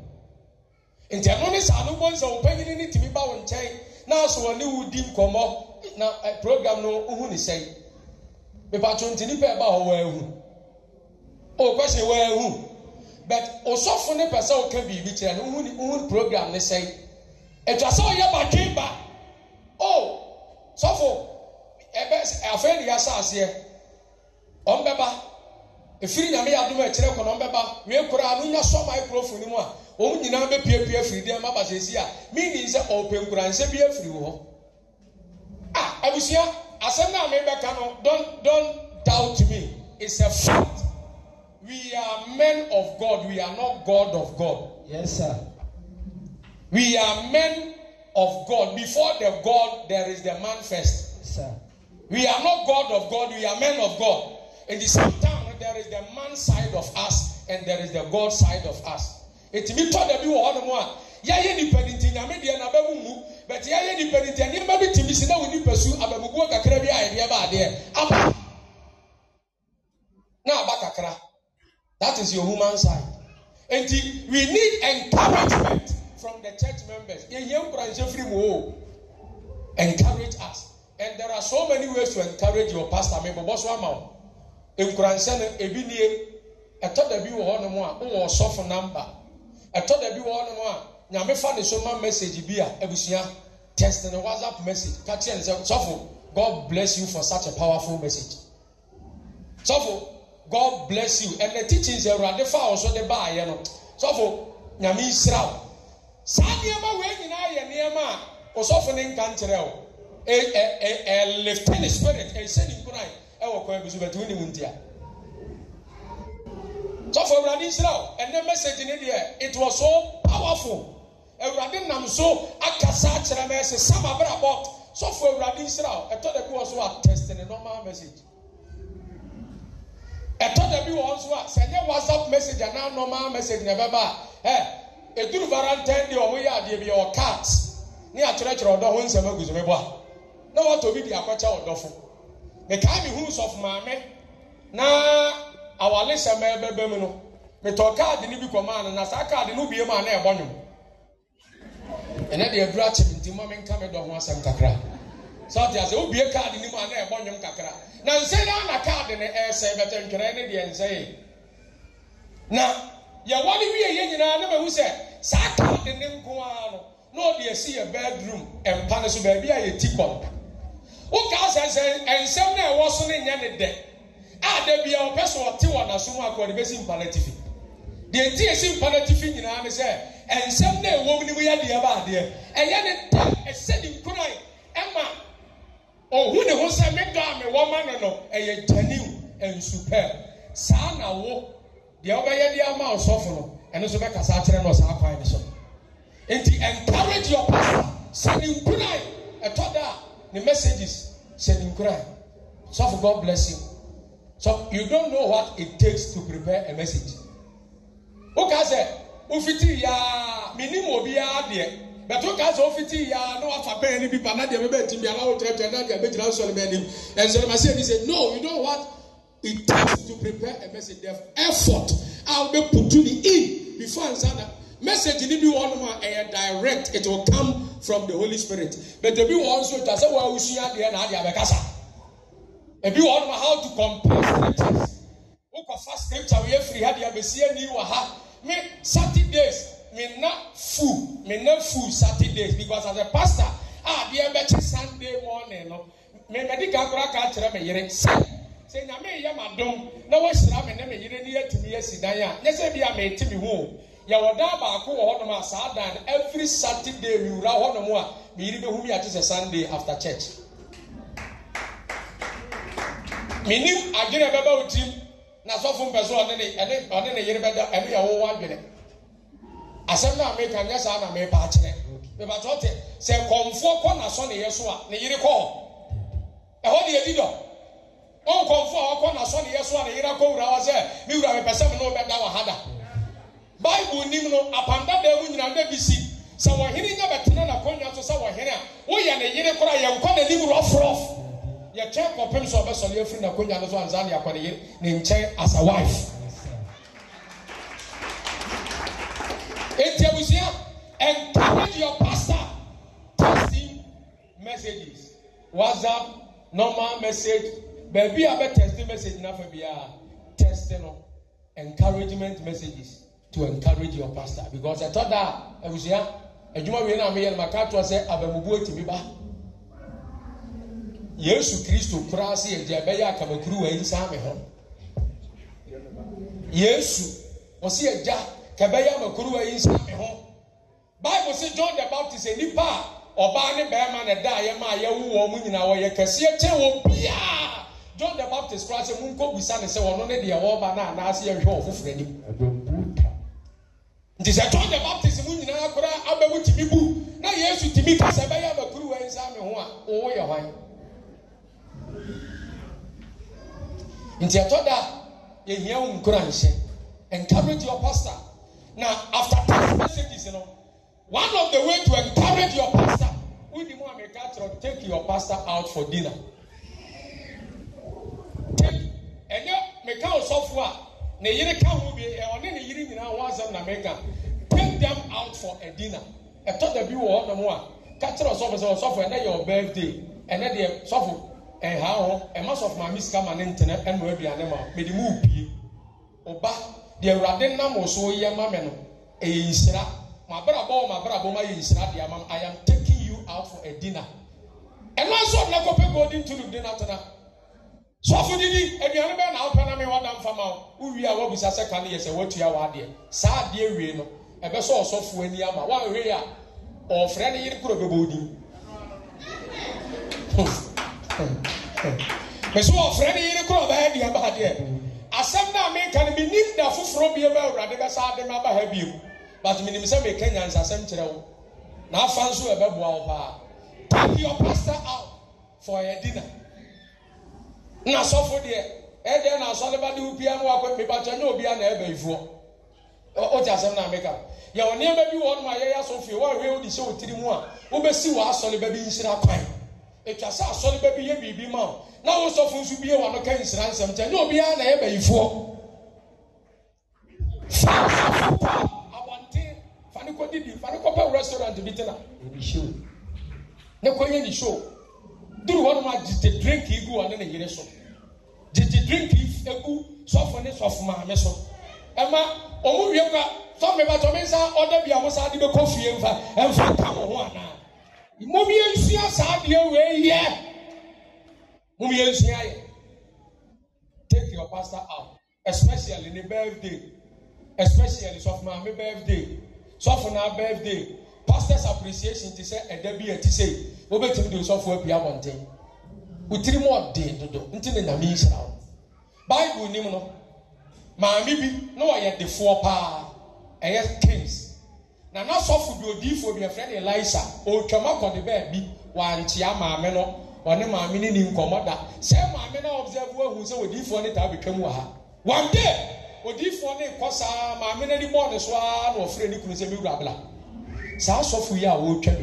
nti ɛno ne saa no bɔ nsa wo panyini ne tumi ba wo nkyɛn n'aso aso ne wo di nkɔmmɔ na program no wohu ne sɛn mepatwo nti nipa ɛba hɔ wɔahu o oh, kɔhyɛ wɔahu but ɔsɔfo ne pɛ sɛ woka biribi kyerɛ no wohu ne program ne sɛn atwa sɛ ɔyɛ badwemba o oh, sɔfo ɛbɛ afei ne yasa aseɛ ɔn bɛba efiri nyame yadum ɛkyerɛ kɔnɔ bɛba wie kora anu nya sɔ maikrofon ne mu a wɔn nyinaa bɛ piepie afiri dɛm aba sɛsi a mi ni sɛ ɔpɛ nkura nsɛ bi afiri wɔ a abusua asɛm naa mi bɛka no don don doubt me it's a fact we are men of God we are not God of God. yes sir. we are men of God before the God there is the man first. sir. We are not God of God, we are men of God. And the same time, there is the man side of us and there is the God side of us. Ètì mi tọ́ dẹ̀bi wọ̀ ọ́nà one. a, yẹ́yẹ́ nípa ní ti nyàmé diẹ náà bẹ́ẹ̀ mú mu, bẹ̀tì yẹ́yẹ́ nípa ní ti ẹ̀nìyẹ́mẹ́ bi tì mí sí náà wò nípa su aba náà aba kakra. That is your human side. and we need encouragement from the church members. Yẹ́yẹ́ nkura nṣẹ́ mu encourage us and there are so many ways to encourage your pastor mi bɔbɔ so ama o nkuranhyɛ no ebi nie ɛtɔ da bi wɔ hɔnom a wowɔ ɔsɔfo namba ɛtɔ da bi wɔ hɔnom a nyame fa ne so ma message bi a abusua text ne whatsapp message ka kyerɛ ne sɛ sɔfo god bless you for such a powerful message sɔfo god bless you ɛnna teaching sɛ awurade fa ɔso de baayɛ no sɔfo nyame nhyira o saa nneɛma wei nyinaa yɛ nneɛma a ɔsɔfo ne nka nkyerɛ o lifting spirit ɛhyɛ ne nkura ɛwɔ kwan bi so bɛtɛ wɔn mu ntia sɔfo awurade nsiraw ɛnɛ message ne deɛ it was so powerful awurade nam so akasa akyerɛ mɛ ɛsɛ sam abrabɔ sɔfo awurade nsiraw ɛtɔ dɛ bi wɔ so a test ne normal message ɛtɔ dɛ bi wɔ so a sɛ ɛnyɛ whatsapp message anaa normal message na ɛbɛba ɛ eduru varantɛn deɛ ɔmo yɛ adeɛ bi yɛ wɔ cart ne atwerɛtwerɛ ɔdɔ ho nsɛm agu so mi bɔ a. na wɔtɔ di de akɔkyɛ ɔdɔfo mekaa me hu sɔfo maame na awale sɛm ɛbɛbɛ mu no metɔ kaadi ni bi kɔmaa no na saa kaadi no bie mu a na ɛbɔ nwom ɛnɛ deɛ dura kyɛ mi nti mma mi nka me dɔ ho asɛm kakra sɔɔte ase obie kaadi ni mu a na ɛbɔ nwom kakra na nsɛn na ana kaadi eh, no ɛɛsɛ bɛtɛ ntwerɛ ne deɛ nsɛn na yɛwɔ ne wie yɛ nyinaa na mehu sɛ saa kaadi ni nko ara no na ɔde esi yɛ bedroom mpa no so baabi a yɛti kɔmpa. woka asɛsɛ nsɛm na ɛwɔ so ne nyɛ ne dɛ a da bia ɔpɛ so ɔte wɔ n'aso mu akɔ de bɛsi mpa n'atifi deɛ nti esi mpa n'atifi nyinaa ne sɛ nsɛm na ɛwɔ mu ne mu yɛ deɛ ba adeɛ ɛyɛ ne ta ɛsɛ ne nkura yi ɛma ɔhu ne ho sɛ me dɔ a me wɔ ma no no ɛyɛ gyaniw nsu pɛɛ saa na wo deɛ ɔbɛyɛ de ama ɔsɔfo no ɛno nso bɛkasa akyerɛ no ɔsaa kwan ne so nti encourage your pastor sɛ ne nkura yi ɛtɔ da a the message is Shedinkura. So for God bless you. So you don't know what it takes to prepare a message. Oka sɛ ofiti yaa minim obi yaa deɛ bɛtɛ oka sɛ ofiti yaa na wafa bɛn ni bi pa na deɛ bɛbɛ ti bi ala wo tɛrɛtɛrɛ na deɛ bɛgyina nsɔlɔ bɛ nim ɛnsɛnmasi ɛni sɛ no you know what it takes to prepare a message the effort a wobɛ putu ni in before ansa na message ni bi wɔ nom a ɛyɛ direct it will come from the holy spirit but ebi wɔ nso ta sɛ wɔn awosu adeɛ na adeɛ abɛkasa ebi wɔ nom a how to compare scriptures wokɔfa scripture wɔyɛ firi ha deɛ abɛsi ani wɔ ha me saturdays me na full me na full saturdays because as a pastor a adeɛ bɛkyɛ sunday morning no me mɛdi kakora ka kyerɛ me yere sɛ sɛ nyame yɛ ma dom na wɔahyira me ne me yere ne yɛtumi asi dan a nyɛ sɛ bi a mete me ho yɛwɔ dan baako wɔ hɔnom a saa no every saturday wiwura hɔnom a meyiri bɛhu mi ate sɛ sunday after church menim adwene bɛba wo tirim na sɔfo mpɛ so ɔne ne yere bɛda ɛne yɛ adwene asɛm no a meka nyɛ na mepa akyerɛ mebatɔ sɛ kɔmfoɔ so a ne yere kɔ hɔ ɛhɔ yɛdi dɔ ɔnkɔmfoɔ a ɔkɔ so a ne yere wura hɔ sɛ me wura mepɛ sɛ me ne bible nim no apanda dan mu nyinaa na bi si sɛ wɔhene nya bɛtena n'akɔnnwa so sɛ wɔhene a woyɛ ne yere koraa yɛnkɔ n'anim rɔforɔfo yɛkyɛn kɔpem sɛ ɔbɛsɔre afiri n'akɔnnwa no so ansa ne akɔ ne yere ne nkyɛn as a wife eti abusua encourage your pastor text him messages whatsapp normal message baabi a bɛ text message n'afɔ a text no encouragement messages to encourage your pastor because ɛtɔ da abusua adwuma wei na meyɛ no maka to sɛ abamubuo tumi ba yesu kristo koraa se yɛgye ɛbɛyɛ akamakuru wɔ ayi saa me ho yesu wɔsi ɛgya kɛbɛyɛ amakuru wɔ ayi saa me ho bible sɛ john the baptist nipa a ɔbaa ne bɛrima na ɛda a yɛ maa yɛwu wɔn mu nyinaa wɔyɛ kɛseɛ kyɛn wɔn biaa john the baptist koraa sɛ mu nkɔ bisa ne sɛ wɔn ne deɛ wɔreba na anaasɛ yɛhwɛ wɔn foforɔ anim nti sɛ john the baptist mu nyinaa koraa abɛwo tumi bu na yesu tumi kasa bɛyɛ amakuru wɔ nsa mi ho a owo yɛ hwan nti ɛtɔ da yɛhia wo nkuranhyɛ encourage your pastor na after text messages no one of the way to encourage your pastor wúni mu àmì ká take your pastor out for dinner take ẹ̀yẹ mẹ̀ká ọ̀sọ́fọ̀ a ne yere ka ho bi ɔne ne yere nyinaa wɔn asɛm na meka take them out for a dinner ɛtɔ da bi wɔ hɔ nom a kakyere ɔsɔfo sɛ ɔsɔfo ɛnɛ yɛ ɔbɛɛfde ɛnɛ deɛ sɔfo ɛha hɔ ɛma sɔfo maame sika ma ne ntɛnɛ ɛnua aduane ma mɛde mu pie ɔba deɛ awurade nam wɔ so yɛ ma mɛ no ɛyɛ nsira ma abrabɔ wɔ ma abrabɔ ma yɛ nsira deɛ ama i am taking you out for a dinner ɛnua nso ɔdina kɔpɛ golden tulip dinner tena sɔfo didi aduane bɛɛ na awopɛ na mi wada nfa ma wo wowie a wabisa sɛ ka ne yɛ sɛ watua w'adeɛ saa adeɛ wie no ɛbɛ sɛ ɔsɔfo ani ama wawie a ɔfrɛ ne yere kuro bɛbɔ odi bɛsɛ ɔfrɛ ne yere kuro bɛyɛ deɛ ba adeɛ asɛm na mi ka no mi nim da foforɔ bie bɛ awurade bɛ saa de ma ba ha bie mu but mi nim sɛ mi ka nyansasɛm kyerɛ wo na afa nso ɛbɛboa wo paa take your pastor out for a dinner na sɔfo deɛ ɛdeɛ na asɔleba de obia no wakɔ mipakyɛ ne obia na ɛbɛ ifoɔ ɔte asɛm na meka yɛwɔ nneɛma bi wɔ nom a yɛyɛ asɔfie wɔahwɛ wodi sɛ wotiri mu a wobɛsi wɔ asɔleba bi nhyira kwan atwa sɛ asɔleba bi yɛ biribi ma o na wosɔfo nso bie wɔ no ka nhyira nsɛm kyɛ ne obia na ɛbɛ ifoɔ faafaafa abɔnten didi fa ne pɛ restaurant bi tena ne kɔ yɛ ne show duru hɔ nom a gyegye drinki gu ɔne ne yere so gyegye drinki egu sɔfo ne sɔfo maame so ɛma ɔmo wie kwa sɔmi ba tɔmi nsa ɔda bi a mo sa de bɛ kɔ fie nfa ɛnfa ka mo ho ana mo mi yɛ saa deɛ wee yɛ mo mi yɛ yɛ take your pastor out especially ne birthday especially sɔfo maame birthday sɔfo na birthday. pastors appreciation ti sɛ ɛda bi a ti sɛ wɔbɛtumi de osɔfo apia abɔnten wotiri mu ɔden dodo nti ne nam yi sra wo bible nim no maame bi na ɔyɛ defoɔ paa ɛyɛ kings na n'asɔfo bi odiifo bi ɛfrɛ ne elisa ɔretwam akɔde baabi wankyea maame no ɔne maame ne ne nkɔmɔ da sɛ maame na ɔbɛsɛ bu ehu sɛ odiifoɔ ne taa betwam wɔ ha wɔn de odiifoɔ ne kɔ saa maame na ne bɔɔl ne so ara na ɔfrɛ ne kunu sɛ mi wura abla. saa asɔfo yi a wɔretwa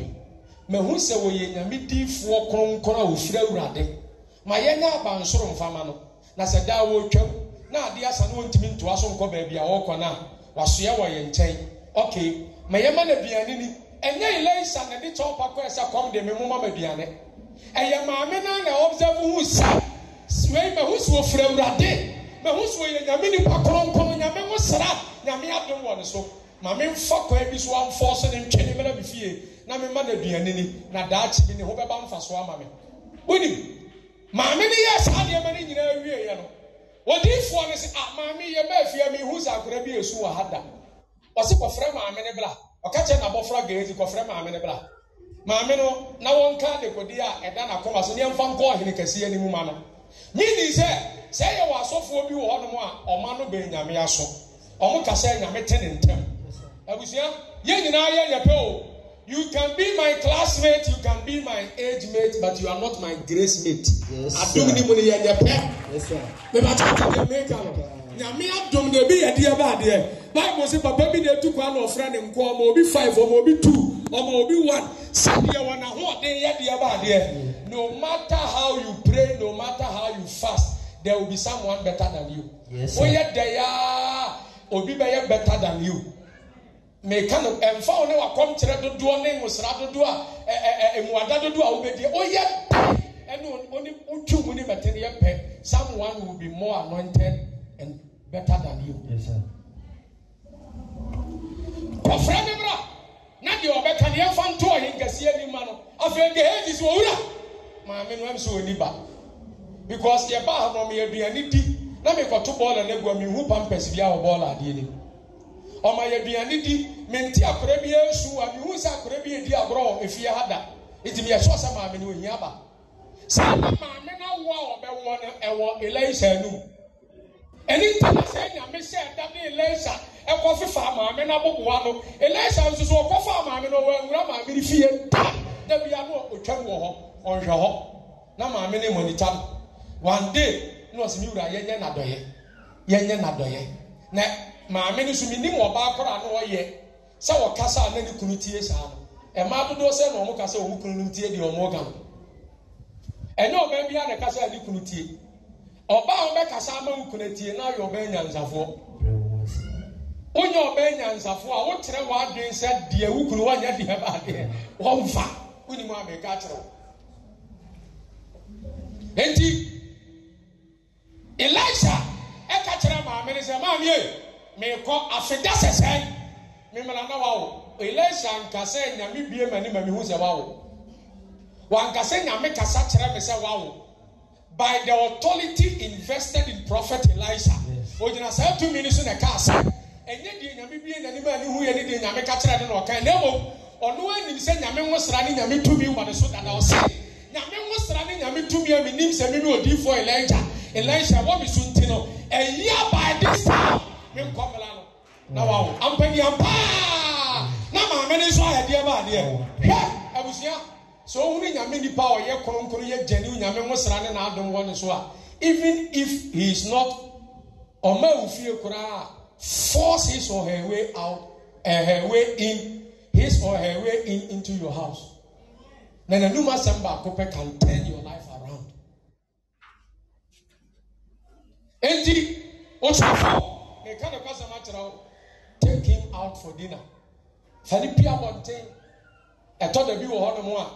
mi sɛ wɔyɛ nyame diifoɔ kronkron a awurade ma yɛnyɛ abansoro mfama no na sɛ daa wɔretwam na adeɛ asa no wɔntumi ntoa so nkɔ baabi a wɔrekɔ no a wɔ yɛn nkyɛn ma yɛma no aduane ni ɛnyɛ na de tɔɔpa kɔɛ sɛ kɔm de me moma ma aduane ɛyɛ maame na ɔbsɛfo hu sa wei sɛ awurade sɛ wɔyɛ nyame nipa kronkron nyame ho sra nyame adom wɔ ne ma memfa kwan bi so amfɔ so ne ntwene na me fie na memma no aduane na daakye bi ne ho bɛba so ama me wonim maame no yɛ saa nneɛma no nyinaa wieɛ no ah, a maame yɛ baa fie mi hu sɛ akora bi esu wɔ ha da ɔsi kɔfrɛ maame no bla ɔka n'abɔfra maame bla maame no na wɔn ka dekodi a ɛda n'akoma so nneɛma nkɔ ɔhene kɛseɛ mu ma no meaning sɛ sɛ yɛ wɔ asɔfoɔ bi wɔ hɔnom a ɔma no bɛn nyame aso ɔmo kasa nyame te ne ntɛm abusua yẹn nyinaa yẹ yẹ pẹ o you can be my classmate you can be my age mate but you are not my grace mate adum ni mu ni yẹ yẹ pẹ bẹẹba tí a ti yẹ mẹka lọ nyame adum na ebi yẹ di ẹ bá adiẹ báyìí mo sẹ papa bi na etu kwan na ọfra ne nkọ ọmọ obi five ọmọ obi two ọmọ obi one sadiẹ wọn ahoɔden yẹ di bá adiẹ no matter how you pray no matter how you fast there will be someone better than you. Yes, oyɛ dɛ yaa obi bɛ yɛ better than you meka no ɛmfa wo ne wakɔmkyerɛ dodoɔ ne nwosra dodoɔ a mmuada dodoɔ a wobɛdi woyɛ pɛ ɛne wotwi mu ne mɛte no yɛ pɛ someone will be more anointed and better than you Yes, kɔfrɛ ne bra na deɛ ɔbɛka ne yɛmfa nto ɔhenkɛseɛ ni ma no afei gehesi sɛ ɔwura maame no ɛm sɛ ɔni ba because yɛbaa hɔ no meyɛduane di na mekɔto bɔɔla no agua mehu pampɛs bia wɔ bɔɔla adeɛ no mu ɔma yɛ aduane di mente akora bi asu a mehu sɛ akora bi adi agorɔ wɔ efie ha da nti meyɛsɔ sɛ maame no ohia ba saa na maame no awo a ɔbɛwɔ no ɛwɔ elisa no mu ɛne ntama sɛ nyame sɛ ɛda ne elisa ɛkɔ fefa maame no aboboa no elisa nso so ɔkɔ fa maame no ɔwɔawura maame no fie ta da bia no ɔtwam wɔ hɔ ɔnhwɛ hɔ na maame no mmɔnitam one day na ɔsɛ me wura yɛnyɛ n'adɔyɛ yɛnyɛ n'adɔyɛ na maame no nso mi nim ɔbaa koro a na ɔyɛ sɛ ɔkasa a saa no dodoɔ sɛ na ɔmo kasa ɔmo kunu no tie deɛ ɔmo no ɛnyɛ na kasa a kunu tie ɔbaa a ɔbɛkasa ama ne kunu tie na ayɛ nyansafoɔ wonyɛ a wotere sɛ deɛ deɛ kyerɛw ɛka kyerɛ maame sɛ maame yɛ. mekɔ asogya sɛsɛn memena na wawo elisha nkasa nyame bie m'anim a mehu sɛ wawo wankasa nyame kasa kyerɛ me sɛ wawo by the authority invested in prophet elisha ogyina saa tumi no so na ɛka asa ɛnyɛ deɛ nyame bie n'anim a ne hu yɛ ne deɛ nyame ka kyerɛ ne na ɔka na mmom ɔno anim sɛ nyame nwosra ne nyame tumi wɔ ne so dada ɔsɛ nyame nwosra ne nyame tumi a menim sɛ mene odiifoɔ elisha elisha wɔ me so nti no ɛyi abaa de saa ne nkɔmela no na wawo ampanyia paa na maame ne nso ayɛdeɛ ba adeɛ hwɛ abusua sɛ ohun nyame nipa a ɔyɛ kronkron yɛ gyani nyame ŋusra ne n'adom wɔ ne so a even if he is not ɔma ofie koraa force his or her way out uh, her way in his or her way in into your house na nanum asɛm baako pɛ can turn your life around eti o sɔ meka ne kɔsɛm akyerɛ wo take him out for dinner fa ne pia bɔnten ɛtɔ da bi wɔ hɔ nom a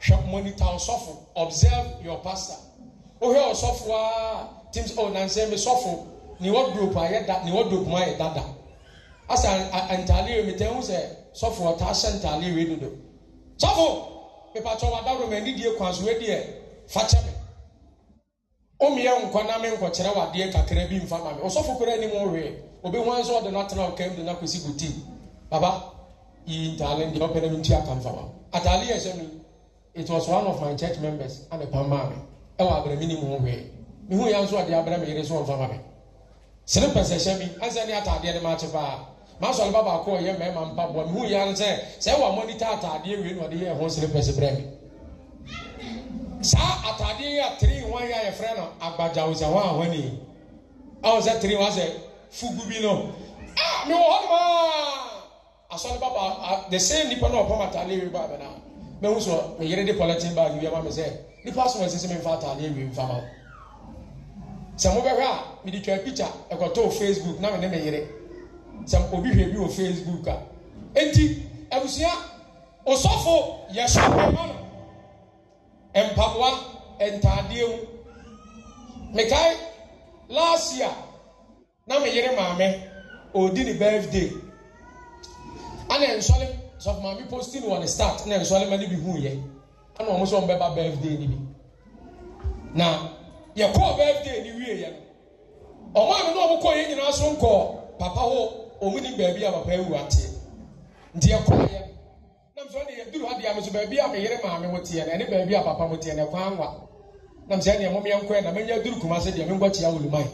hwɛ monitor ɔsɔfo observe your pastor wohwɛ ɔsɔfo a tim sɛ oh nansɛ me sɔfo ne wardrobe ayɛ da ne group mu ayɛ dada asa ntaale mi tɛn ho sɛ sɔfo ɔta ahyɛ ntaale wei dodo sɔfo mepatɔ wadawuro mɛ nidie kwan so wei deɛ fakyɛ me omiya nkwa na me nkɔkyerɛ wadeɛ kakra bi mfa ma me ɔsɔfo kora anim reɛ obi ho nso ɔde n'atena ɔkɛm de n'akɔsi guti baba yi ntaale deɛ ɔpɛ na mi ntu aka mfa ma ataale yɛ hyɛ mi it was one of my church members ana pam maa mi ɛwɔ abirami ni mu reɛ mi hu ya nso ɔde abirami yɛrɛ so ɔnfa ma mi sini pɛsɛ hyɛ mi ansa ne ataadeɛ ne ma akyi paa maa sɔrɔ ba baako ɔyɛ mɛɛma mpa bɔ mi hu ya nsɛ sɛ ɛwɔ amɔnita ataadeɛ wie saa ataadeɛ yi a tiri wɔn yi a yɛfrɛ no agbadza ɔsɛwɔn a wɔn ni a tiri wɔn asɛ fugu bi no a mi wɔ hɔ nomaa asɔre baba a the same nipa na ɔpam ataadeɛ yi ba abɛna mɛ n mɛ yɛrɛ de pɔlɛtin baagi bi ama mi sɛ nipa asɔn ɛsɛ sɛ mi nfa ataadeɛ yi nfa ma sɛ mo bɛhwɛ a mi de twɛ picture ɛkɔtɔ facebook na mi ne mi yere sɛ obi hwɛ bi wɔ facebook a eti abusua e osɔfo yɛ sɔ e ɔpɛ no mpaboa ntaadeɛ mu mekae last year na me yere maame odi ne birthday ana nsɔle sɔfo maame posting wɔ ne start na nsɔle ma ne bi hu yɛ ana wɔn nso wɔn bɛba birthday ne bi na yɛkɔɔ birthday ne wie yɛ no wɔn a wɔn kɔ yɛ nyinaa so nkɔɔ papa hɔ wɔn ni baabi a papa ewu ate nti yɛkɔɔ yɛ no nam sɛ ne yɛduru ha deɛ me so baabi a meyere maame mo teɛ no ɛne baabi a papa mo teɛ no ɛkwan wa nam sɛ neɛ momeɛ nkɔɛ na mɛnya aduru kuma sɛ deɛ menkɔkyea woluman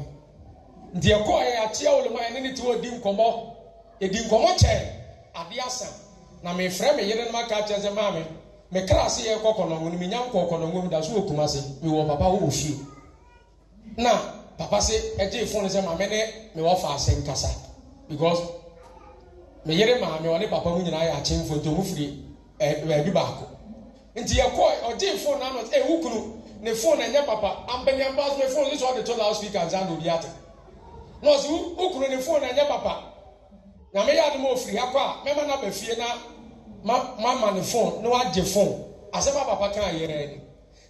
nti ɛkɔɔ yɛ akyea woluman ne ne te wɔ di nkɔmmɔ ɛdi e nkɔmmɔ kyɛn adeɛ asa na mefrɛ me yere no maka kyerɛ sɛ maame mekra ase yɛ kɔ kɔnɔngo no menya nkɔ kɔnɔngo mu da so wɔ kuma se mewɔ papa wɔ fie na papa se ɛgye fone sɛ maame ne mewɔ fa ase nkasa because meyere yere maame ɔne papa mu nyinaa yɛ firi baako nti yɛ fone na anɔte ɛɛ wukunu ne fone na ɛnyɛ papa ampanyampa so ne fone nso ɔde to loud speaker nsa na obi ate nɔɔse wukunu ne fone na ɛnyɛ papa na me yɛ adum ofiri akɔ a mɛma na fie na ma ma ma ne fone na wagye fone asɛm a papa kan yɛrɛ ni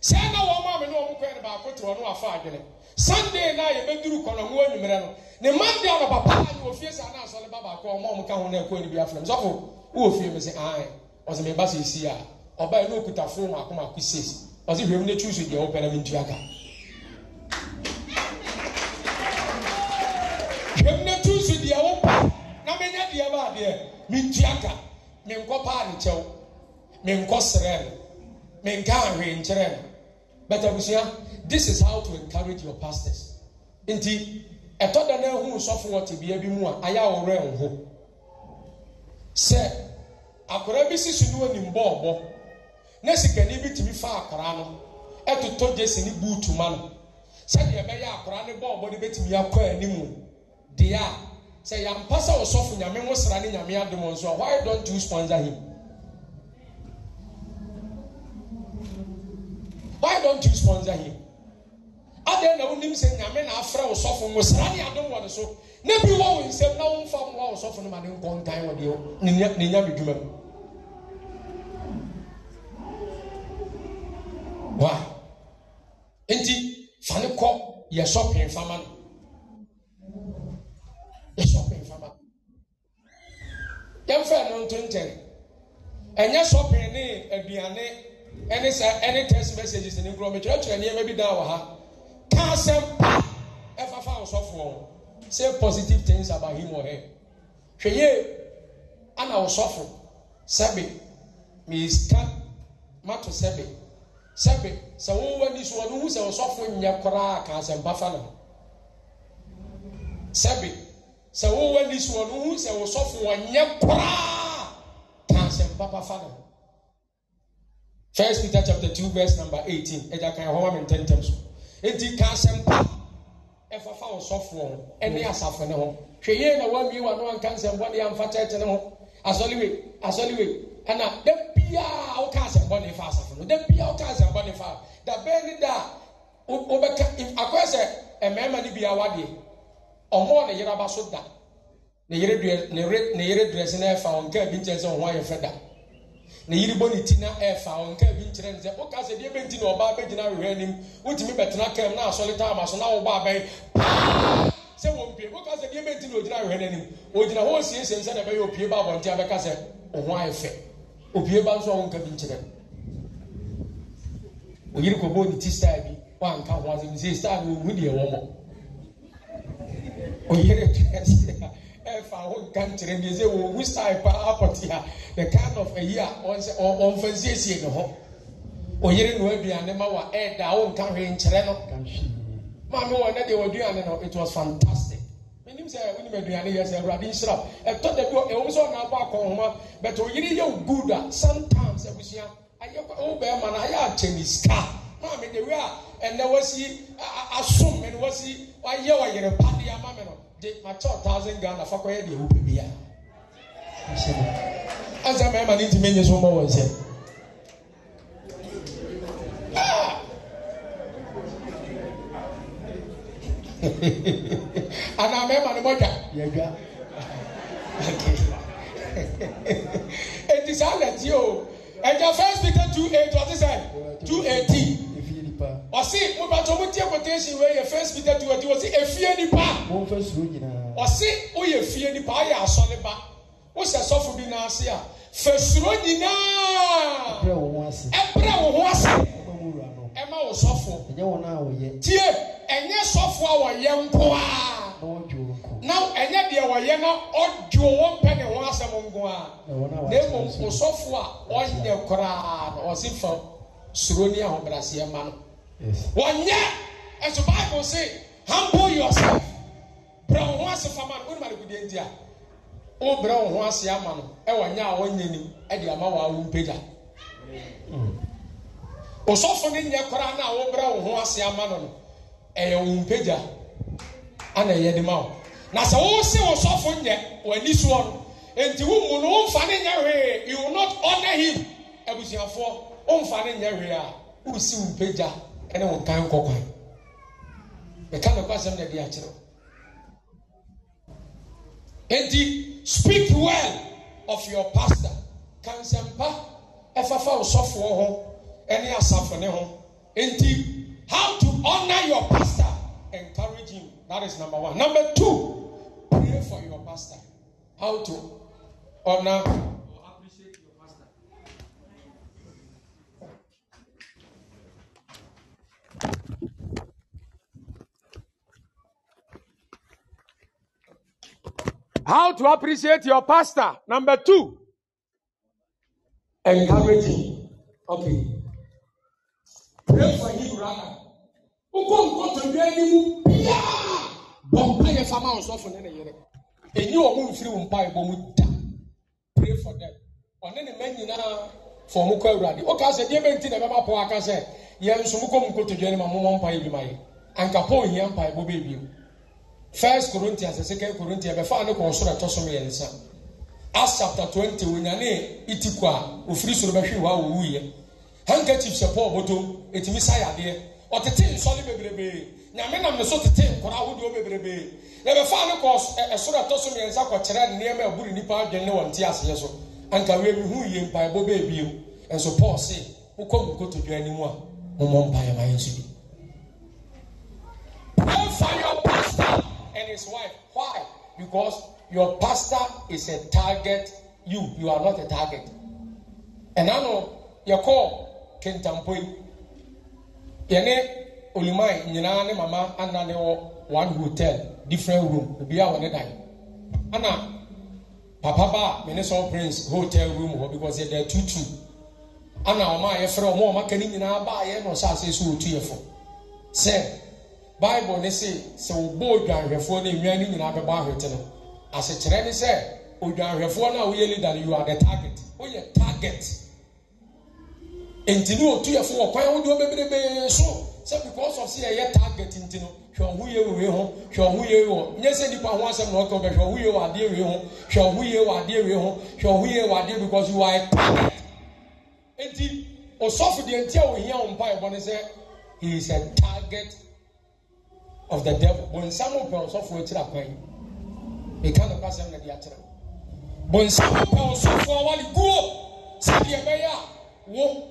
sɛ na wɔn maame na wɔn kɔɛ baako te no afa adwene. sunday na yɛbɛduru kɔnɔho anwummerɛ no ne monday a nɔpapa ne ofie sɛ ana asɔre ba baako ɔma ɔm ka ho no ɛkɔ ne afrɛ m sɔfo wowɔ fie me sɛ ae ɔsɛ meba sɛ ɛsi a ɔbaɛ ne ɔkuta fo maako ses ɔsɛ hwɛm no deɛ wopɛ mentua ka hwɛm no deɛ na menya deɛ mentua ka menkɔ paa ne kyɛw menkɔ serɛ no menka ahwee nkyerɛ no bẹtẹ busia this is how to encourage your pastors nti ɛtɔ da na ehu nsɔfo wɔ tebea bi mu a ayɛ awɔrɔ ɛnho sɛ akwadaa bi si so ne wɔnim bɔɔbɔ na sikani bi tumi fa akwadaa no ɛtotɔ jesi ne buutu ma no sɛdeɛ ɛbɛyɛ akwadaa ne bɔɔbɔ ne bɛtumi akɔ anim deɛ a sɛ mu ɔsɔfo nyame ho sra ne nyame adum nso a why don't you sponsor him. why don't you sponsor him adeɛ na wonim sɛ nyame na afrɛ wo sɔfo ngo sara ne adom wɔ ne so na bi wɔ wo nsɛm na womfa mmoa wo sɔfo no ma ne nkɔ ntan wɔ deɛ ne nyame dwuma mu wa nti fa ne kɔ yɛsɔ pɛn fama no yɛsɔ pɛn fama yɛmfa no nto ɛnyɛ sɔpɛn ne aduane ɛne sɛ ɛne text messages ne nkorɔ mekyerɛkyerɛ nneɛma bi da wɔ ha kaa sɛm pa ɛfafa ɔsɔfoɔ say positive things about him or her hwɛ yie ana ɔsɔfo sɛbi miisika mato sɛbi sɛbi sɛ wɔn so wɔn ho sɛ ɔsɔfo nyɛ koraa kaa sɛm pa fa no sɛbi sɛ wɔn so wɔn ho sɛ ɔsɔfo wɔn nyɛ koraa kaa sɛm pa pa fa no. First Peter chapter two verse number eighteen ẹja kan ẹhọ wa mi n tẹntẹn so eti ka asɛm pa ɛfafa ɔsɔfoɔ ɛne asafo ne ho hwɛ na wɔn mie wɔn ano anka nsɛm bɔ ne yɛ nfa kyɛkyɛ ne ho asɔliwe asɔliwe ɛna dɛbia ɔka asɛm bɔ ne fa asafo no dɛbia ɔka asɛm bɔ ne fa dabɛn ne da ɔbɛka akɔyɛ sɛ mmarima ne bi awadeɛ ɔmo ne yere aba so da ne yere drɛ ne yere drɛ se ne ɛfa ɔnka bi nkyɛn sɛ ɔho da. na yiri bɔ ne ti na ɛfa nka bi nkyerɛ ne sɛ woka sɛ deɛ bɛnti na ɔbaa bɛgyina awehwɛ anim wotumi bɛtena na asɔre taama so na wobaa bɛn paa sɛ o woka sɛ na ogyina awehwɛ no anim ogyina hɔ ɔsiesie sɛ na ɛbɛyɛ opie ba abɔnten abɛka sɛ wo ayɛ fɛ opie ba nso a bi nkyerɛ ne ti style bi ho asɛm sɛ style ɛmfa ho nka nkyerɛ deɛ sɛ wɔwu style paa apɔte the kind of ayi a ɔnsɛ ɔmfa nsiesie ne ho ɔyere no aduane ma wa ɛɛda wo nka hwee nkyerɛ no maame wɔ ne deɛ wɔaduane no it was fantastic menim sɛ wonim aduane yɛ sɛ awurade nhyira ɛtɔ da bi ɛwom sɛ ɔnaabɔ akɔnhoma but ɔyere yɛ wo good a sometimes abusua ayɛ wo bɛɛma no ayɛ akyɛ ne sika maame de wei a ɛnɛ wasi asom ɛne wasi wayɛ wɔ de matwa thousand ghana fa kɔyɛ deɛ wopɛ bia ansa mmarima ne ntumi nye so mbɔ wɔn nsɛm anaa mmarima ne mɔdwa yɛdwa eti saa lɛti o ɛgya first peter two eight wɔte sɛ two eighteen ɔsi mo bàtà mo tiɛ quotation wei yɛ first peter two ɛti ɔsi efie nipa. mo n fɛ suro nyinaa. ɔsi o yɛ fie nipa ayɛ asɔniba o sɛ sɔfo bi n'ase a fɛ suro nyinaa. ɛbrɛ wo ho ase. ɛbrɛ wo ho ase. ɛma wo sɔfo. ɛnyɛ wɔn a wɔyɛ. tie ɛnyɛ sɔfo a wɔyɛ nkoa. na ɛnyɛ deɛ wɔyɛ na ɔdwo wɔn pɛ ne ho asɛm nkoa. na emu osɔfo a ɔnyɛ koraa na ɔsi fɛ suro ni ahobrɛaseɛ ma no. wɔnyɛ ɛso bible say humble yourself brɛ wo ho ase fama no wonim eh, adegudeɛ nti a wobrɛ wo ho ama no ɛwɔ nyɛ a wɔnyɛ nim ɛde ama wɔ awo mpagya osɔfo ne nyɛ koraa ama no no ɛyɛ wo mpagya ana ɛyɛ de ma wo na sɛ wose oh, oh, nyɛ w'ani nti eh, wo mu no womfa oh, nyɛ hwee you will not him abusuafoɔ eh, womfa a wo mpagya ɛne wo ntan nkɔ kwan e meka mɛkɔ asɛm na de akyerɛ wo enti speak well of your pastor kansɛmpa ɛfafa e osɔfoɔ ho ɛne asafo ne ho enti how to honor your pastor encourage him that is number one number two pray for your pastor how to honor? How to appreciate your pastor. Number two, encourage him. Okay. Pray for him rather. Nkɔ nkɔtɔdwe anim biara bɔ mpa yɛ fama ɔsɔfo ne ne yere. Enyi wɔn mfiri wɔn mpa ɛbɔ da. Pray for them. Ɔne ne mɛ nyinaa fɔ ɔmo kɔ awurade. Ɔka sɛ deɛ bɛ nti na ɛbɛma pɔ aka sɛ yɛn nso mo kɔ mu nkɔtɔdwe anim a mo mɔ mpa yɛ bi ma yɛ. Anka pɔn yɛ mpa ɛbɔ bɛ ebi mu first corinthians second corinthians bɛfa ne kɔn soro ɛtɔ so mmiɛnsa acts chapter twenty wonyane uh, itiku a ofiri soro bɛhwe wa owu yɛ handkerchief hyɛ paul bɔtɔ etimi sa yadeɛ ɔtete nsɔle bebrebe nyame nam ne so tete nkora ahodoɔ bebrebe na bɛfa ne kɔn ɛsoro ɛtɔ so mmiɛnsa kɔkyerɛ nneɛma ɛburu nipa adwene ne wɔn ti aseɛ so anka wei mi hu yie mpaebɔ beebi mu nso paul se wokɔ mu nkotodwe anim a mo mɔ mpaeɛ ma yɛn so bi. and his wife. Why? Because your pastor is a target. You, you are not a target. And I know your call, Kentampui. Yene Ulimai, ne Mama, Anna ne one hotel, different room, Be one Wanedai. Anna, Papa Ba, Minnesota Prince, hotel room, because are two two. Anna, Oma, Efra, Oma, Makani, Nina, Ba, Yeno, Sase, Su, Tiefo. Say, bible ne se sɛ wobɔ odwanhwɛfoɔ no nnwan no nyinaa bɛbɔ ahwete no asekyerɛ ne sɛ odwanhwɛfoɔ no a woyɛ leader no you are the target woyɛ target nti ne ɔtuyɛfo wɔ kwan wode wɔ bebrebee so sɛ because of sɛ yɛyɛ target nti no hwɛ ɔho yie wɔ wei ho hwɛ ɔho yie wɔ nyɛ sɛ nipa ho asɛm na ɔka bɛ hwɛ ɔho yie wɔ adeɛ wei ho hwɛ ɔho yie wɔ adeɛ wei ho hwɛ ɔho yie wɔ adeɛ because you are a target nti ɔsɔfo deɛ nti a ohia wɔn mpa ɛbɔ ne sɛ he is a target of the devil bonsam pɛ ɔsɔfoɔ akyiri akwan meka no pasɛm na de akyerɛ bonsam pɛ ɔsɔfoɔ wale guo sɛdeɛ ɛbɛyɛ a wo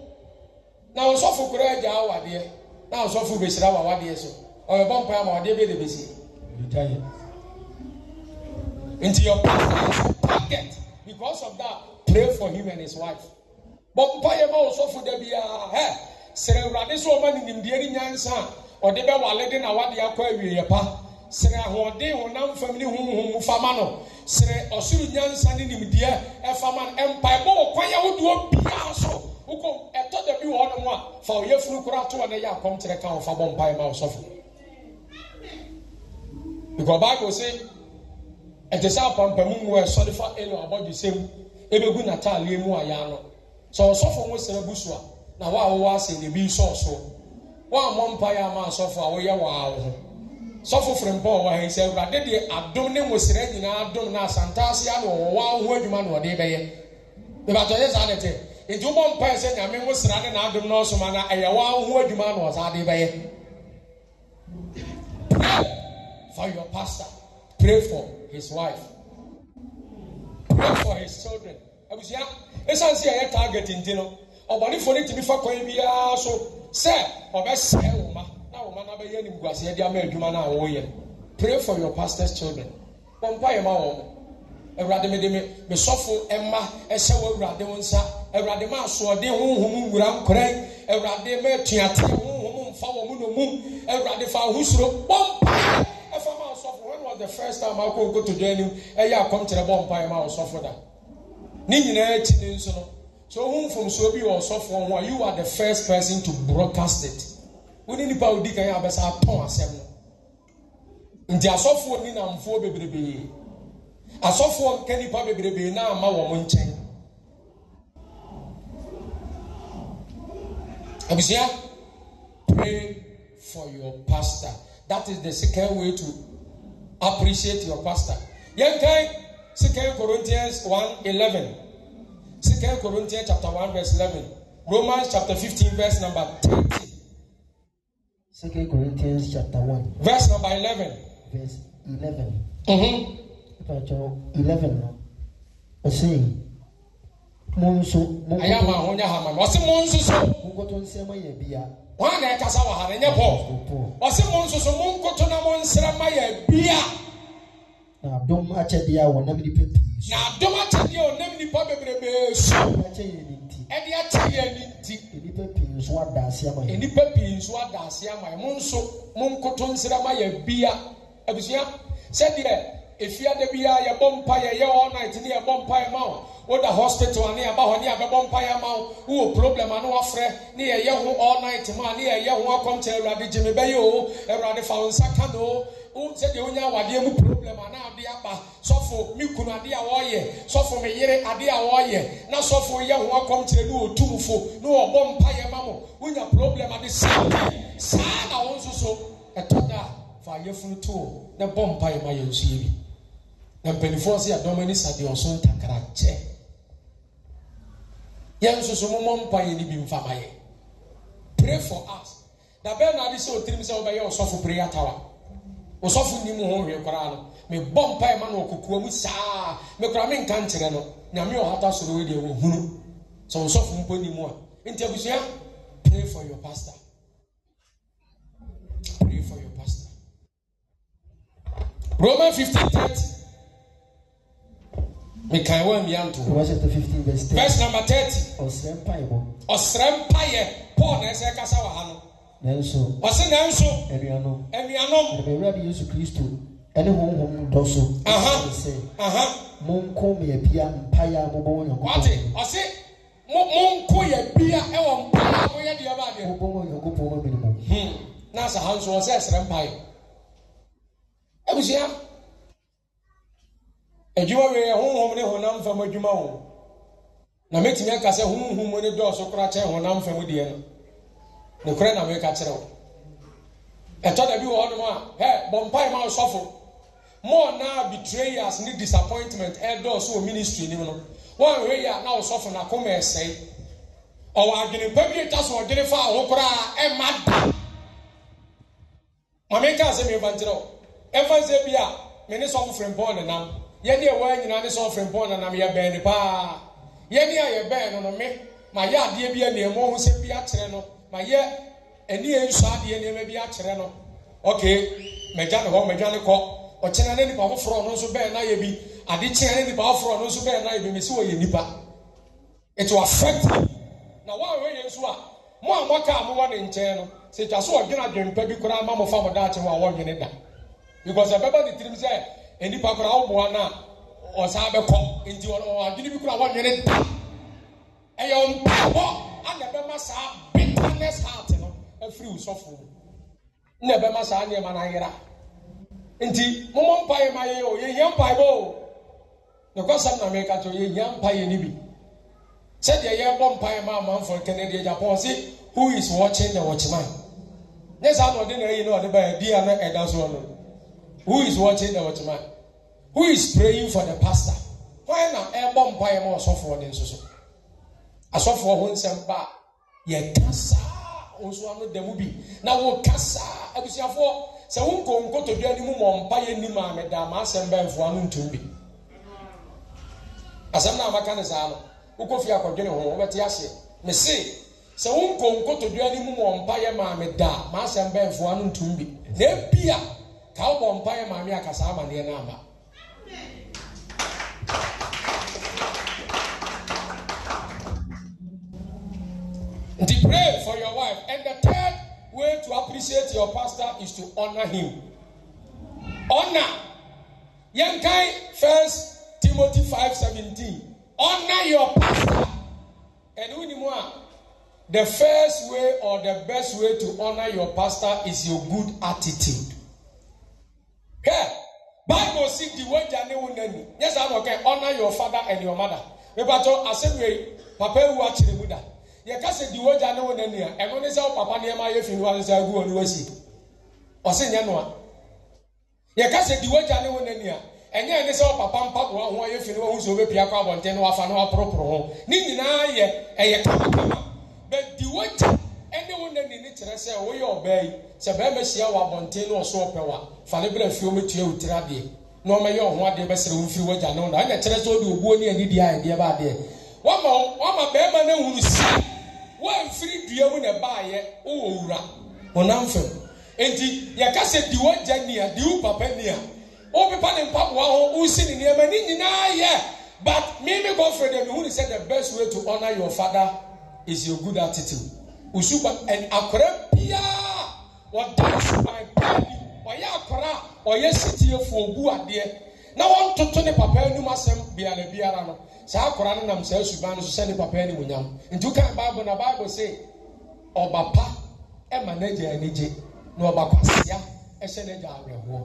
na ɔsɔfo kora agya awadeɛ na ɔsɔfo bɛhyira wɔ awadeɛ so ɔbɛbɔ mpae ama ɔdeɛ bɛyɛ de bɛsi ɛdayɛ nti your pastor target because of that pray for him and his wife bɔ mpae ma ɔsɔfo da biara hɛ sɛ awurade sɛ ɔma ne nimdeɛ ne nyansa ɔde bɛwale de na wade akɔ awieɛ pa srɛ ahoɔden honam fam ne huhum fama no srɛ ɔsoro nyansa ne nimdeɛ ɛfama no mpaebɔ wɔ kwan ahodoɔ biara so wokɔ ɛtɔ da bi wɔ hɔ nom a fa ɔyɛ funu kora to wɔ no yɛ akɔm kyerɛ ka ɔfa bɔ mpae ma ɔsɔfo because bible say ɛte sɛ apampamu mu ɛsɔre fa ɛlɔ abɔdwe ɛbɛgu n'ataaleɛ mu ayɛ ano sɛ ɔsɔfo ho srɛ gu so a na wo a wowɔ asɛ ne bi sɔɔsoɔ mọ mpa ya ama asɔfo a woyɛ wɔa wo ho sọfọ ha sɛ awurade deɛ adom ne nwosrɛ nyinaa adom na asantaase ano wɔwɔ wo ho adwuma na wɔde bɛyɛ bebatɔ yɛ saa mpa yɛ sɛ nyame ne na na adwuma na pray for your pastor pray for his wife pray for his children target sɛ ɔbɛsɛe wo ma na wo ma no abɛyɛ nimguaseɛ de ama adwuma no a wɔyɛ pray for your pastor's children wɔn mpa yɛ ma wɔn awurade mi de mi mi sɔfo ɛma ɛhyɛ wɔ awurade wɔn nsa awurade ma asoɔden huhum wura nkorɛ awurade ma etuate huhum nfa wɔn mu nomum awurade fa ahusoro wɔn mpa ɛfa ma asɔfo when was the first time akɔ nkoto dwan nim ɛyɛ akɔmkyerɛ bɔ mpa yɛ ma asɔfo da ne nyinaa akyi ne nso no so ohun mfomsoɔ bi wɔ ɔsɔfoɔ ho a you are the first person to broadcast it wɔn ni nipa odi kan yɛ abɛsa atɔn asɛm no nti asɔfoɔ ni namfoɔ bebrebee asɔfoɔ nka nipa bebrebee na ama wɔn nkyɛn abusua pray for your pastor that is the second way to appreciate your pastor yɛn kan second corinthians one eleven. Second Corinthians chapter 1 verse 11. Romans chapter 15 verse number 30. Second Corinthians chapter 1. Verse number 11. Verse 11. Mm-hmm. Chapter 11 no. Ɔsɛn mo nso mo nkoto. Ɛyà máa ho nyɛ ha ma mi. mo nso so. Mo nkoto nsɛmá yɛ bia. Wɔn a na ɛkasa e wɔ ha na ɛnyɛ Paul. Ɔsɛ mo nso so mo nkoto na mo nsɛmá yɛ bia na adom akyɛdeɛ a wɔnam nipa pii so. na adom akyɛdeɛ a wɔnam nipa bebrebe so. ɛde akyɛ yɛn ni nti. ɛde akyɛ yɛn ni nti. nipa pii nso ada ase ama yɛn. nipa pii nso ada ase ama yɛn mo nso mo nkoto nsirama yɛ bia abusua sɛdeɛ efiade bi yɛbɔ mpa yɛ yɛ all night ne yɛbɔ mpa yɛ ma o woda hospital ne yɛba hɔ ne yɛbɛbɔ mpa yɛ ma o wowɔ problem ano ne wafrɛ ne yɛyɛ ho all night ma ne yɛyɛ ho akɔm kyerɛ awurade gye me bɛyɛ o awurade fa nsa ka o sɛdeɛ wonya awadeɛ mu problem anaa adeɛ aba sɔfo mi kunu adeɛ a wɔreyɛ sɔfo mi yere adeɛ a wɔreyɛ na sɔfo yɛ ho akɔmkyerɛ ne ɔtumfo ne ɔbɔ mpayɛ ma mo wonya problem ade saa saa na wɔn nso so ɛtɔ da fa yɛfunu too na bɔ mpayɛ ma yɛn nso yɛ bi na mpanimfoɔ sɛ yɛdɔm ani sadeɛ ɔso ntakrakyɛ yɛn nso so mommɔ mpayɛ ne bi mfa ma yɛ pray for us na bɛɛ na ade sɛ ɔtirim sɛ wobɛyɛ ɔsɔfo prayer tower ɔsɔfo nim ho hwee koraa no mebɔ mpae ma no ɔkɔkua mu saa mekora menka nkyerɛ no nyame ɔhata soro wei deɛ wɔhunu sɛ ɔsɔfo mpo nim a nti abusua pray for your pastor pray for your pastor roman 15 30 mekan wa mmea nto verse number 30 ɔsrɛ mpaeɛ paul na ɛsɛ kasa wɔ ha no nanso ɔsi nanso anuanom anuanom ɛnumɛwura bi yesu kristo ɛne honhom dɔ so ɛsɛ sɛ mo nko yɛ bia mpaeɛ a mobɔ wɔn nyankopɔn ɔte ɔsi mo mo nko yɛ bia ɛwɔ mpaeɛ a moyɛ deɛ ba deɛ mobɔ wɔn nyankopɔn hmm. wɔ mene mu na sa ha nso ɔsɛ ɛsrɛ mpaeɛ abusua adwuma wei yɛ honhom ne honam fam adwuma wo na mɛtumi aka sɛ honhom ne dɔɔso koraa kyɛn honam fam deɛ no nokorɛ na meka kyerɛ wo ɛtɔ da bi wɔ hɔnom a ma ɔsɔfo na betrayers ne disappointment ɛdɔɔso wɔ ministry nim no wɔnhwɛ yi a na ɔsɔfo nakoma ɛsɛe ɔwɔ adwene bi ɛta so ɔdwene fa ho koraa ɛma da ma meka sɛ nkyerɛ wo ɛfa sɛ bi a me ne sɔfo frempɔn yɛne ɛwɔ nyinaa ne sɔfo frempɔn yɛbɛn ne paa yɛne a yɛbɛn no no me ma yɛ adeɛ bi a ho bi akyerɛ ma yɛ ani yɛ nso adeɛ nneɛma bi akyerɛ no okay mɛgya ne hɔ mɛgya ne kɔ ɔkyerɛ ne nipa foforɔ no nso bɛyɛ n'ayɛ bi ade kyerɛ ne nipa foforɔ no nso bɛyɛ n'ayɛ bi mɛ si wɔyɛ nipa it will na wɔn a wɔyɛ nso a mo a mo kaa mo wɔ ne nkyɛn no sɛ gya so ɔdwena dwempa bi koraa ma mo fa mo daakye ho a wɔdwene da because ɛbɛba ne tirim sɛ e nipa koraa ɔboa no a ɔsan bɛkɔ nti ɔdwene bi koraa wɔdwene da ɛyɛ ɔmpaabɔ. na ɛbɛma saa bitterness heart no afiri wo sɔfo na ɛbɛma saa nneɛma no ayera nti mommɔ mpaeɛ ma yɛyɛ o yɛhia mpaeɛ bɔ o nekɔsɛm na meka kyerɛ yɛhia mpaeɛ no bi sɛdeɛ yɛbɔ mpaeɛ ma amanfoɔ nkɛnɛ deɛ gyapɔn se who is watching the watchman ne saa na ɔde na ɛyi na ɔde baa bia na ɛda soɔ no who is watching the watchman who is praying for the pastor wɔn na ɛbɔ mpaeɛ ma ɔsɔfoɔ ne nso so asɔfoɔ ho nsɛm ba yɛka saa nso ano dɛm bi na wɔka saa abusuafoɔ sɛ wɔnkɔ nkotodwe anim mɔ mpa yɛ nim a meda ama asɛm bɛnfoɔ ano ntum bi asɛm no a maka ne saa no wokɔ fie akɔdwene ho wobɛte aseɛ mese sɛ wonkɔ nkotodwe anim mɔ mpa yɛ maame da maasɛm bɛnfoɔ ano ntum bi na ebia ka wobɔ mpa yɛ maame akasa amanneɛ no ama pray for your wife. And the third way to appreciate your pastor is to honor him. Honor. Yankai First Timothy 5:17. Honor your pastor. And anymore? the first way or the best way to honor your pastor is your good attitude. Okay? Bible says the way jane Yes, I'm okay. Honor your father and your mother. papa wu akyere yɛka sɛ di wagya ne wo n'ani a ɛno ne sɛ wo papa nneɛma yɛ fi no asesa agu wɔn wasi ɔse nyɛ noa yɛka sɛ di wagya ne wo n'ani a ɛnyɛ ne sɛ wo papa mpaboa ho ayɛ fi no wɔn nsuo bɛpia kɔ abɔnten no wafa no waporoporo ho ne nyinaa yɛ ɛyɛ kamakama bɛ di wagya ɛne wo n'ani ne kyerɛ sɛ woyɛ ɔbaa yi sɛ bɛrima hyia wɔ abɔnten no ɔso ɔpɛ wa fa ne bɛrɛ fie ometua wo tiri adeɛ na ɔmɛyɛ ɔho adeɛ bɛsɛrɛ wo firi wagya ne ho na ɛna kyerɛ sɛ ɔde obuo ne ani di a ɛdeɛ ba adeɛ wama wama bɛrima no ehunu sii wɔmfiri dua mu na baayɛ wowɔ wura honam fam nti yɛka sɛ di wagya ni a di wo papa ni a wopepa ne mpaboa ho wosi ne nneɛma ne nyinaa yɛ but me me godfrey dem who say the best way to honour your father is your good attitude osuba and akwara biara wɔda osuban paa bi ɔyɛ akwara ɔyɛ sitiefoɔ ogu adeɛ na wɔn toto ne papa anim asɛm biara biara no saa akora no nam saa suban no so sɛ ne papa anim nyam nti wokan bible na bible se ɔba pa ɛma n'agya ani gye na ɔba kwasea ɛhyɛ n'agya awerɛhoɔ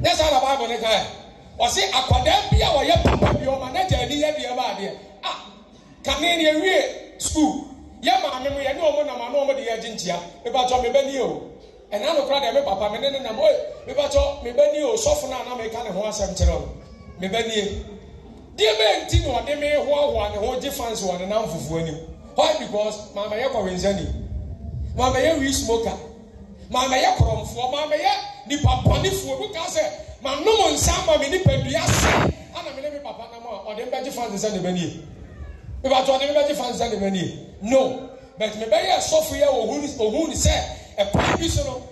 nyɛ saa na bible ne kae ɔse akwadaa bi a wɔyɛ papa bi ɔma n'agya ani yɛ deɛ ba adeɛ a ah, kane ne awie school yɛ maame mo yɛ ne ɔmo nam ano ɔmo de yɛ agye nkyia mebatɔ mebani o ɛna no kora deɛ me papa me ne ne nam oe mebatɔ mebani o sɔfo no a na meka ne ho asɛm kyerɛ o mebɛnie deɛ bɛyɛ nti na ɔde me hoahoa ne ho gye fans wɔ ne nam fufuo anim why because maama yɛ kɔwensani maama yɛ wii smoker maama yɛ korɔmfoɔ maama yɛ nipa bɔnifoɔ bi ka sɛ manom nsa ma me nipadua sɛ ana mi ne mi papa nam a ɔde mbɛgye fans sɛ ne bɛnie mebato ɔde mbɛgye fans sɛ ne bɛnie no but mebɛyɛ sɔfo yɛ ohun ohun sɛ ɛkwan bi so no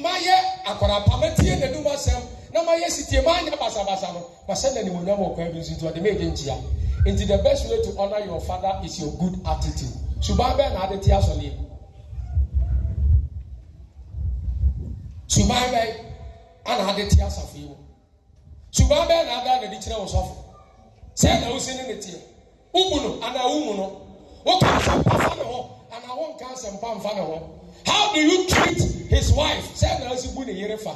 mayɛ akɔrɔ apamɛtie na dum asɛm na ma yɛ sitie ma anya basabasa no ma sɛ na nimunyam wɔ kwan bi nso nti ɔde ma ɛdi nkyia nti the best way to honour your father is your good attitude suban bɛɛ na ade ti asɔle suban bɛɛ ana ade ti asafo yi mu suban bɛɛ na ada na de kyerɛ wɔsɔfo sɛ na osi ne ne tie umu no ana umu no woka asɛm pafa ne ho ana wɔnka asɛm pa nfa ne ho how do you treat his wife sɛ na osi bu ne yere fa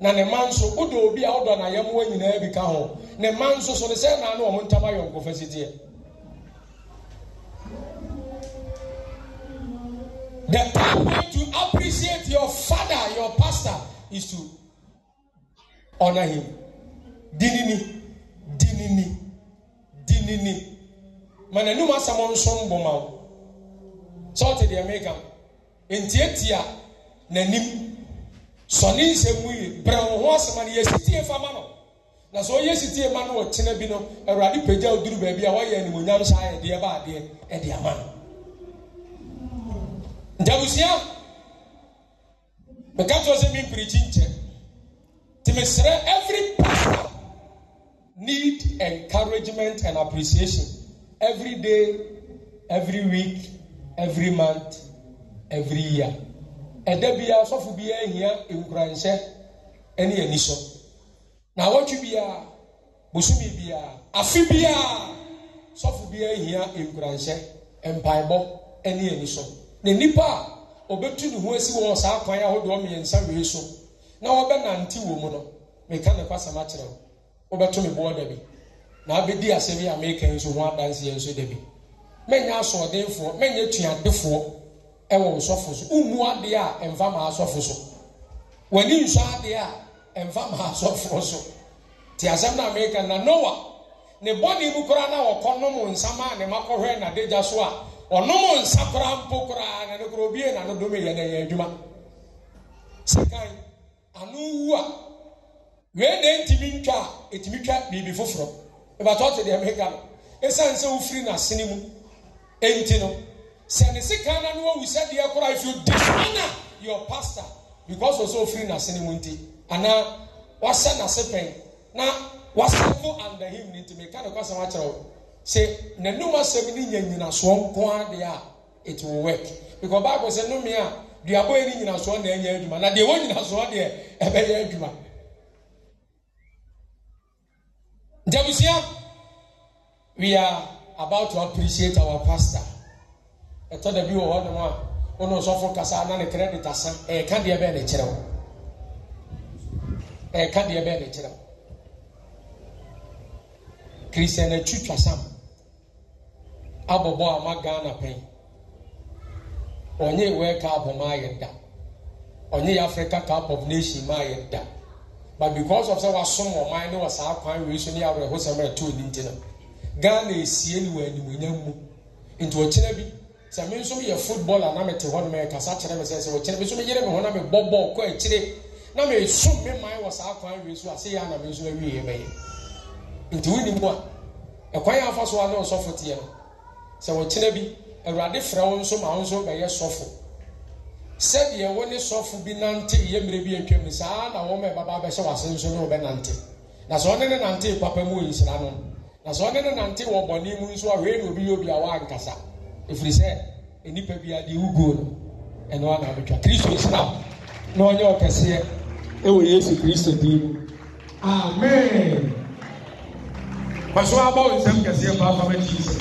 na ne ma nso wode obi a wodɔ na nyinaa bi ka ho ne ma nso so ne sɛ naa ne ɔmo ntam ayɛ siteɛ the time way to appreciate your father your pastor is to honour him dinini dinini dinini ma n'anum asam nso mbɔ ma wo sɛ ɔte deɛ meka ntietia sɔ ne nsɛm yi brɛ wo ho asɛm no yɛsi tie fa ma no na sɛ ɔyɛ si ma no ɔkyena bi no awurade pagya oduru baabi a wɔyɛ animonyam saa ɛdeɛ ba adeɛ ɛde ama no ntabusua meka kyerɛ sɛ mempirikyi nkyɛ nti mesrɛ every pastor need encouragement and appreciation every day every week every month every year ɛda biara sɔfo biara hia nkuranhyɛ ne ani so na awɔtwe biara bosomi biara afe biara sɔfo biara hia nkuranhyɛ mpaebɔ ne ani so na nipa a ɔbɛtu ne ho esi wɔn saa kwan ahodoɔ mmiɛnsa wee so na wɔbɛnante wɔ mu no meka ne kwasam kyerɛ wo wobɛto me boɔ da bi na abɛdi asɛm yi a meka nso ho adanseɛ nso da bi mɛnyɛ asoɔdenfoɔ mɛnyɛ tuadefoɔ ɛwɔ sɔfo so umu adeɛ a ɛnfa ma asɔfo so w'ani nsɔ adeɛ a ɛnfa ma asɔfo so te asɛm na meka na noa ne bɔne mu koraa na ɔkɔ nom nsama a ne ma kɔhwɛ n'adagya so a ɔnom nsa koraa mpo koraa na ne koraa obie na no dome yɛ na yɛ adwuma sekan ano wu a wei na etimi ntwa a etimi twa biribi foforɔ ebatɔ te deɛ meka no esan sɛ ofiri n'asene mu enti no sani sika na no awu sɛ if you dishonor your pastor because ɔsɛ so n'ase ne mu nti anaa wasa na pɛn na wasa fo under him ne nti meka ne kɔ asɛm akyerɛ wo sɛ n'anum asɛm ne nya nyinasoɔ nko adeɛ a it will work because bible sɛ nnome a duabɔ yi ne nyinasoɔ na ɛnyɛ adwuma na deɛ wɔ nyinasoɔ deɛ ɛbɛyɛ adwuma ntabusia we are about to appreciate our pastor. ɛtɔ da bi wɔ hɔ nom a kasa na ne credit asa ɛɛka deɛ bɛɛ ne kyerɛw ɛɛka deɛ bɛɛ ne kyerɛw atwi twa sam abɔbɔ a ghana pɛn ɔnye wɛ cup ma ayɛ da ɔnye africa cup of nation ma ayɛ da but because of sɛ wasom ɔman ne wɔ saa kwan wei so ne awerɛhosɛm ɛtoo ne esie ne wɔ mu nti ɔkyerɛ bi. sɛ me nso yɛ footballer na mete hɔ no mɛ kasa kyerɛ me sɛ sɛ wɔkyerɛ me nso meyere me ho na mebɔ bɔɔl kɔ akyire na mesu me man wɔ saa kwan wie so a sɛ yɛ ana me nso awie mɛyɛ nti wonim mu a ɛkwan yɛ afa so a ne ɔsɔfo teɛ no sɛ wɔkyerɛ bi awurade frɛ wo nso ma wo nso bɛyɛ sɔfo sɛdeɛ wo ne sɔfo bi nante yɛ mmerɛ bi atwam ne saa na wɔn mɛ baba bɛhyɛ wase nso ne wɔbɛnante na sɛ ɔne ne nante mu oyisira na sɛ ɔne ne mu nso a wei na obi ɛfiri sɛ nnipa bi adeɛ woguo no ɛno ana abɛtwa kristo islam na ɔnyɛ ɔkɛseɛ ɛwɔ yesu kristo din mu amen bɛso abɔ nsɛm kɛseɛ paapaa ma jesus